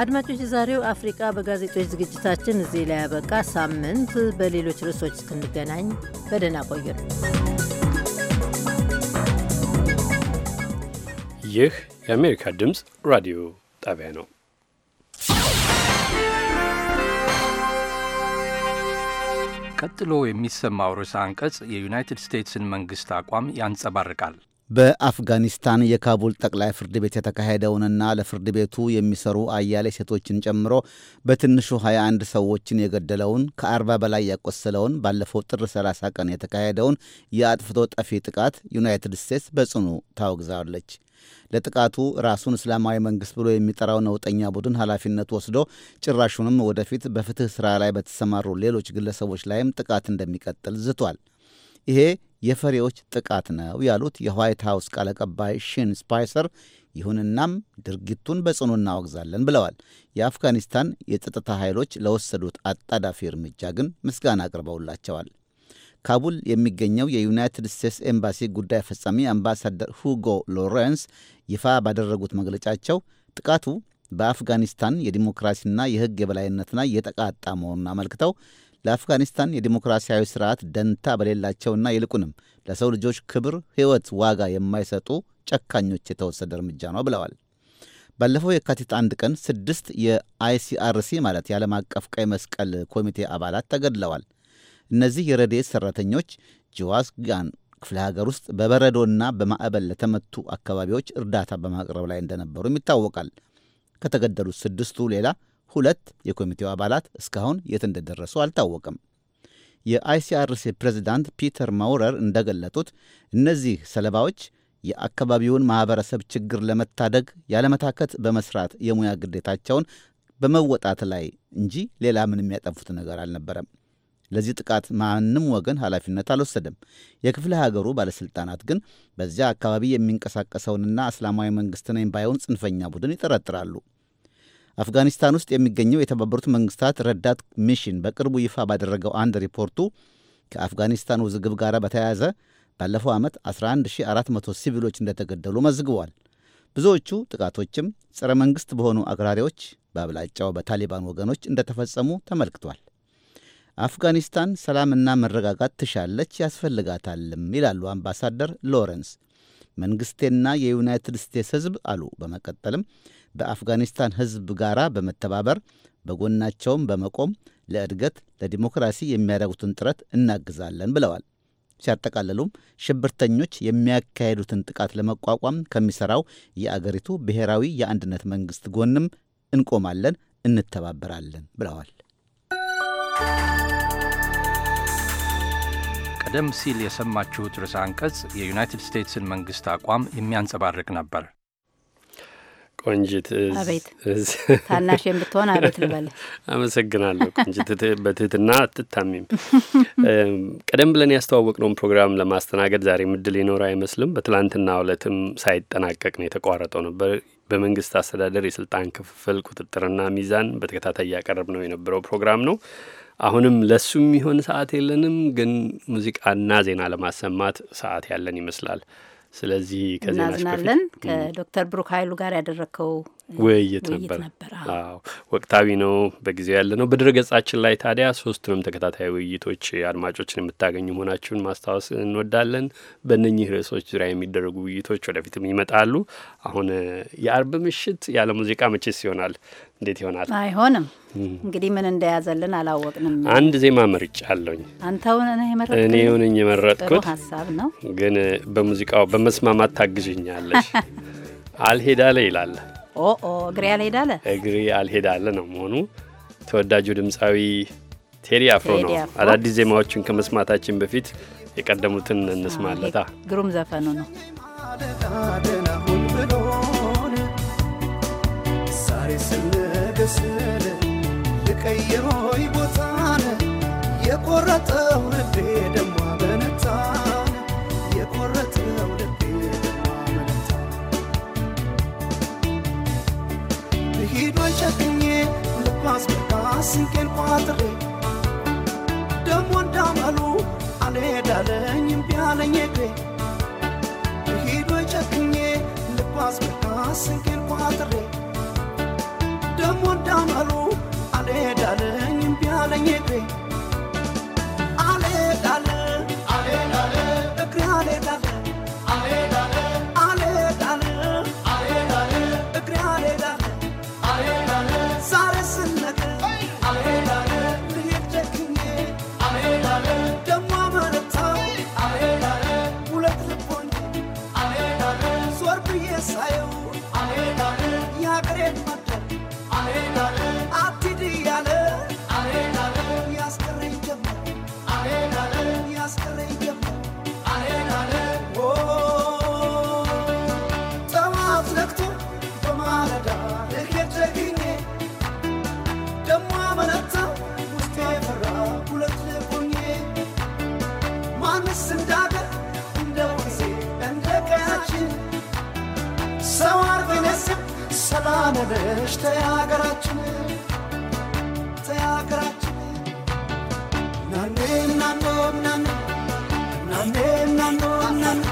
አድማጮች፣ የዛሬው አፍሪቃ በጋዜጦች ዝግጅታችን እዚህ ላይ ያበቃ። ሳምንት በሌሎች ርዕሶች እስክንገናኝ በደህና ቆዩን። ይህ የአሜሪካ ድምፅ ራዲዮ ጣቢያ ነው። ቀጥሎ የሚሰማው ርዕሰ አንቀጽ የዩናይትድ ስቴትስን መንግሥት አቋም ያንጸባርቃል። በአፍጋኒስታን የካቡል ጠቅላይ ፍርድ ቤት የተካሄደውንና ለፍርድ ቤቱ የሚሰሩ አያሌ ሴቶችን ጨምሮ በትንሹ 21 ሰዎችን የገደለውን ከ40 በላይ ያቆሰለውን ባለፈው ጥር 30 ቀን የተካሄደውን የአጥፍቶ ጠፊ ጥቃት ዩናይትድ ስቴትስ በጽኑ ታወግዛለች። ለጥቃቱ ራሱን እስላማዊ መንግስት ብሎ የሚጠራው ነውጠኛ ቡድን ኃላፊነት ወስዶ ጭራሹንም ወደፊት በፍትህ ሥራ ላይ በተሰማሩ ሌሎች ግለሰቦች ላይም ጥቃት እንደሚቀጥል ዝቷል። ይሄ የፈሬዎች ጥቃት ነው ያሉት የዋይት ሃውስ ቃል አቀባይ ሺን ስፓይሰር፣ ይሁንናም ድርጊቱን በጽኑ እናወግዛለን ብለዋል። የአፍጋኒስታን የጸጥታ ኃይሎች ለወሰዱት አጣዳፊ እርምጃ ግን ምስጋና አቅርበውላቸዋል። ካቡል የሚገኘው የዩናይትድ ስቴትስ ኤምባሲ ጉዳይ ፈጻሚ አምባሳደር ሁጎ ሎሬንስ ይፋ ባደረጉት መግለጫቸው ጥቃቱ በአፍጋኒስታን የዲሞክራሲና የሕግ የበላይነትና የተቃጣ መሆኑን አመልክተው ለአፍጋኒስታን የዲሞክራሲያዊ ስርዓት ደንታ በሌላቸውና ይልቁንም ለሰው ልጆች ክብር፣ ሕይወት ዋጋ የማይሰጡ ጨካኞች የተወሰደ እርምጃ ነው ብለዋል። ባለፈው የካቲት አንድ ቀን ስድስት የአይሲአርሲ ማለት የዓለም አቀፍ ቀይ መስቀል ኮሚቴ አባላት ተገድለዋል። እነዚህ የረድኤት ሠራተኞች ጂዋስጋን ክፍለ ሀገር ውስጥ በበረዶና በማዕበል ለተመቱ አካባቢዎች እርዳታ በማቅረብ ላይ እንደነበሩም ይታወቃል። ከተገደሉት ስድስቱ ሌላ ሁለት የኮሚቴው አባላት እስካሁን የት እንደደረሱ አልታወቅም። የአይሲአርሲ ፕሬዚዳንት ፒተር ማውረር እንደገለጡት እነዚህ ሰለባዎች የአካባቢውን ማኅበረሰብ ችግር ለመታደግ ያለመታከት በመስራት የሙያ ግዴታቸውን በመወጣት ላይ እንጂ ሌላ ምን የሚያጠፉት ነገር አልነበረም። ለዚህ ጥቃት ማንም ወገን ኃላፊነት አልወሰደም። የክፍለ ሀገሩ ባለሥልጣናት ግን በዚያ አካባቢ የሚንቀሳቀሰውንና እስላማዊ መንግሥት ነኝ ጽንፈኛ ቡድን ይጠረጥራሉ። አፍጋኒስታን ውስጥ የሚገኘው የተባበሩት መንግስታት ረዳት ሚሽን በቅርቡ ይፋ ባደረገው አንድ ሪፖርቱ ከአፍጋኒስታን ውዝግብ ጋር በተያያዘ ባለፈው ዓመት 11400 ሲቪሎች እንደተገደሉ መዝግቧል። ብዙዎቹ ጥቃቶችም ጸረ መንግሥት በሆኑ አክራሪዎች በአብላጫው በታሊባን ወገኖች እንደተፈጸሙ ተመልክቷል። አፍጋኒስታን ሰላምና መረጋጋት ትሻለች ያስፈልጋታልም ይላሉ አምባሳደር ሎረንስ። መንግሥቴና የዩናይትድ ስቴትስ ሕዝብ አሉ በመቀጠልም በአፍጋኒስታን ሕዝብ ጋር በመተባበር በጎናቸውም በመቆም ለእድገት ለዲሞክራሲ የሚያደርጉትን ጥረት እናግዛለን ብለዋል። ሲያጠቃልሉም ሽብርተኞች የሚያካሄዱትን ጥቃት ለመቋቋም ከሚሠራው የአገሪቱ ብሔራዊ የአንድነት መንግሥት ጎንም እንቆማለን፣ እንተባበራለን ብለዋል። ቀደም ሲል የሰማችሁት ርዕሰ አንቀጽ የዩናይትድ ስቴትስን መንግሥት አቋም የሚያንጸባርቅ ነበር። ቆንጅት አቤት ታናሽ የምትሆን አቤት ልበል። አመሰግናለሁ ቆንጅት፣ በትህትና አትታሚም። ቀደም ብለን ያስተዋወቅነውን ፕሮግራም ለማስተናገድ ዛሬ ምድል ይኖር አይመስልም። በትላንትና ዕለትም ሳይጠናቀቅ ነው የተቋረጠው ነበር። በመንግስት አስተዳደር የስልጣን ክፍፍል ቁጥጥርና ሚዛን በተከታታይ እያቀረብ ነው የነበረው ፕሮግራም ነው። አሁንም ለሱ የሚሆን ሰዓት የለንም፣ ግን ሙዚቃና ዜና ለማሰማት ሰዓት ያለን ይመስላል። ስለዚህ ከዜናሽ በፊት ከዶክተር ብሩክ ኃይሉ ጋር ያደረግከው ውይይት ነበር። አዎ ወቅታዊ ነው፣ በጊዜው ያለ ነው። ገጻችን ላይ ታዲያ ሶስቱንም ተከታታይ ውይይቶች አድማጮችን የምታገኙ መሆናችሁን ማስታወስ እንወዳለን። በእነኚህ ርዕሶች ዙሪያ የሚደረጉ ውይይቶች ወደፊትም ይመጣሉ። አሁን የአርብ ምሽት ያለ ሙዚቃ መቼስ ይሆናል? እንዴት ይሆናል? አይሆንም። እንግዲህ ምን እንደያዘልን አላወቅንም። አንድ ዜማ መርጫ አለኝ። አንተው ነህ የመረጥኩት? የመረጥኩት። ሀሳብ ነው ግን በሙዚቃው በመስማማት ታግዥኛለሽ። አልሄዳለ ይላል ኦኦ እግሬ አልሄዳለ እግሬ አልሄዳለ ነው መሆኑ። ተወዳጁ ድምፃዊ ቴዲ አፍሮ ነው። አዳዲስ ዜማዎችን ከመስማታችን በፊት የቀደሙትን እንስማለታ። ግሩም ዘፈኑ ነው። ቦታን የቆረጠው ልቤ ደሞ ነሽ ተያገራችን ተያገራችን ናኔ ናኖ ናኖ ናኔ ናኖ ናኔ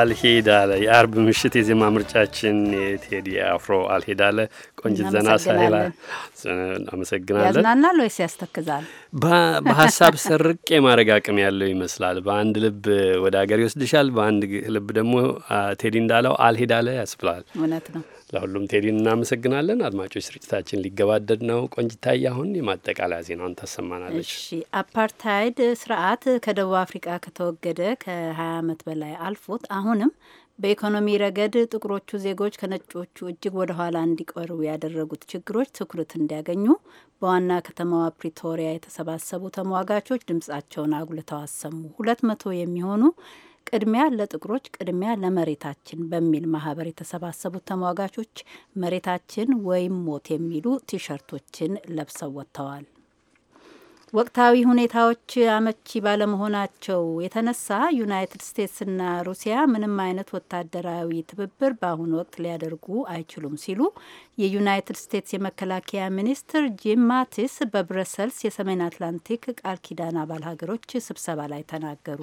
አልሄድ አለ። የአርብ ምሽት የዜማ ምርጫችን የቴዲ አፍሮ አልሄድ አለ። ቆንጅት ዘና ሳይላ አመሰግናለን። ያዝናናል ወይስ ያስተክዛል? በሀሳብ ስርቅ የማድረግ አቅም ያለው ይመስላል። በአንድ ልብ ወደ ሀገር ይወስድሻል፣ በአንድ ልብ ደግሞ ቴዲ እንዳለው አልሄድ አለ ያስብላል። እውነት ነው። ለሁሉም ቴዲን እናመሰግናለን። አድማጮች ስርጭታችን ሊገባደድ ነው። ቆንጅታዬ አሁን የማጠቃለያ ዜናውን ታሰማናለች። እሺ አፓርታይድ ስርዓት ከደቡብ አፍሪቃ ከተወገደ ከ20 ዓመት በላይ አልፎት አሁንም በኢኮኖሚ ረገድ ጥቁሮቹ ዜጎች ከነጮቹ እጅግ ወደ ኋላ እንዲቀሩ ያደረጉት ችግሮች ትኩረት እንዲያገኙ በዋና ከተማዋ ፕሪቶሪያ የተሰባሰቡ ተሟጋቾች ድምጻቸውን አጉልተው አሰሙ። ሁለት መቶ የሚሆኑ ቅድሚያ ለጥቁሮች ቅድሚያ ለመሬታችን በሚል ማህበር የተሰባሰቡት ተሟጋቾች መሬታችን ወይም ሞት የሚሉ ቲሸርቶችን ለብሰው ወጥተዋል። ወቅታዊ ሁኔታዎች አመቺ ባለመሆናቸው የተነሳ ዩናይትድ ስቴትስና ሩሲያ ምንም አይነት ወታደራዊ ትብብር በአሁኑ ወቅት ሊያደርጉ አይችሉም ሲሉ የዩናይትድ ስቴትስ የመከላከያ ሚኒስትር ጂም ማቲስ በብረሰልስ የሰሜን አትላንቲክ ቃል ኪዳን አባል ሀገሮች ስብሰባ ላይ ተናገሩ።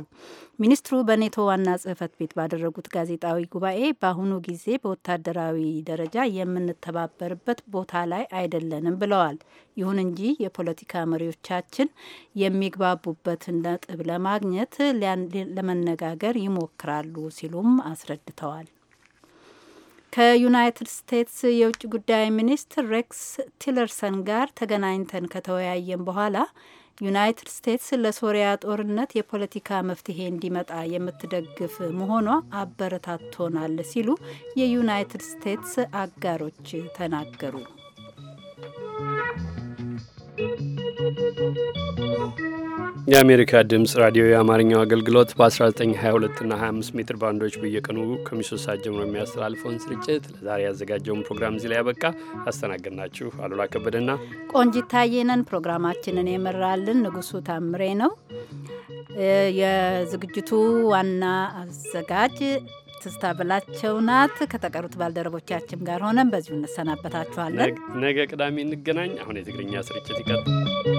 ሚኒስትሩ በኔቶ ዋና ጽህፈት ቤት ባደረጉት ጋዜጣዊ ጉባኤ በአሁኑ ጊዜ በወታደራዊ ደረጃ የምንተባበርበት ቦታ ላይ አይደለንም ብለዋል። ይሁን እንጂ የፖለቲካ መሪዎቻችን የሚግባቡበትን ነጥብ ለማግኘት ለመነጋገር ይሞክራሉ ሲሉም አስረድተዋል። ከዩናይትድ ስቴትስ የውጭ ጉዳይ ሚኒስትር ሬክስ ቲለርሰን ጋር ተገናኝተን ከተወያየን በኋላ ዩናይትድ ስቴትስ ለሶሪያ ጦርነት የፖለቲካ መፍትሄ እንዲመጣ የምትደግፍ መሆኗ አበረታቶናል ሲሉ የዩናይትድ ስቴትስ አጋሮች ተናገሩ። የአሜሪካ ድምፅ ራዲዮ የአማርኛው አገልግሎት በ1922 እና 25 ሜትር ባንዶች በየቀኑ ከምሽቱ ሰዓት ጀምሮ የሚያስተላልፈውን ስርጭት ለዛሬ ያዘጋጀውን ፕሮግራም እዚህ ላይ ያበቃ። ያስተናገድናችሁ አሉላ ከበደና ቆንጂት ታየነን። ፕሮግራማችንን የመራልን ንጉሱ ታምሬ ነው። የዝግጅቱ ዋና አዘጋጅ ትስታብላቸው ብላቸው ናት። ከተቀሩት ባልደረቦቻችን ጋር ሆነን በዚሁ እንሰናበታችኋለን። ነገ ቅዳሜ እንገናኝ። አሁን የትግርኛ ስርጭት ይቀጥል።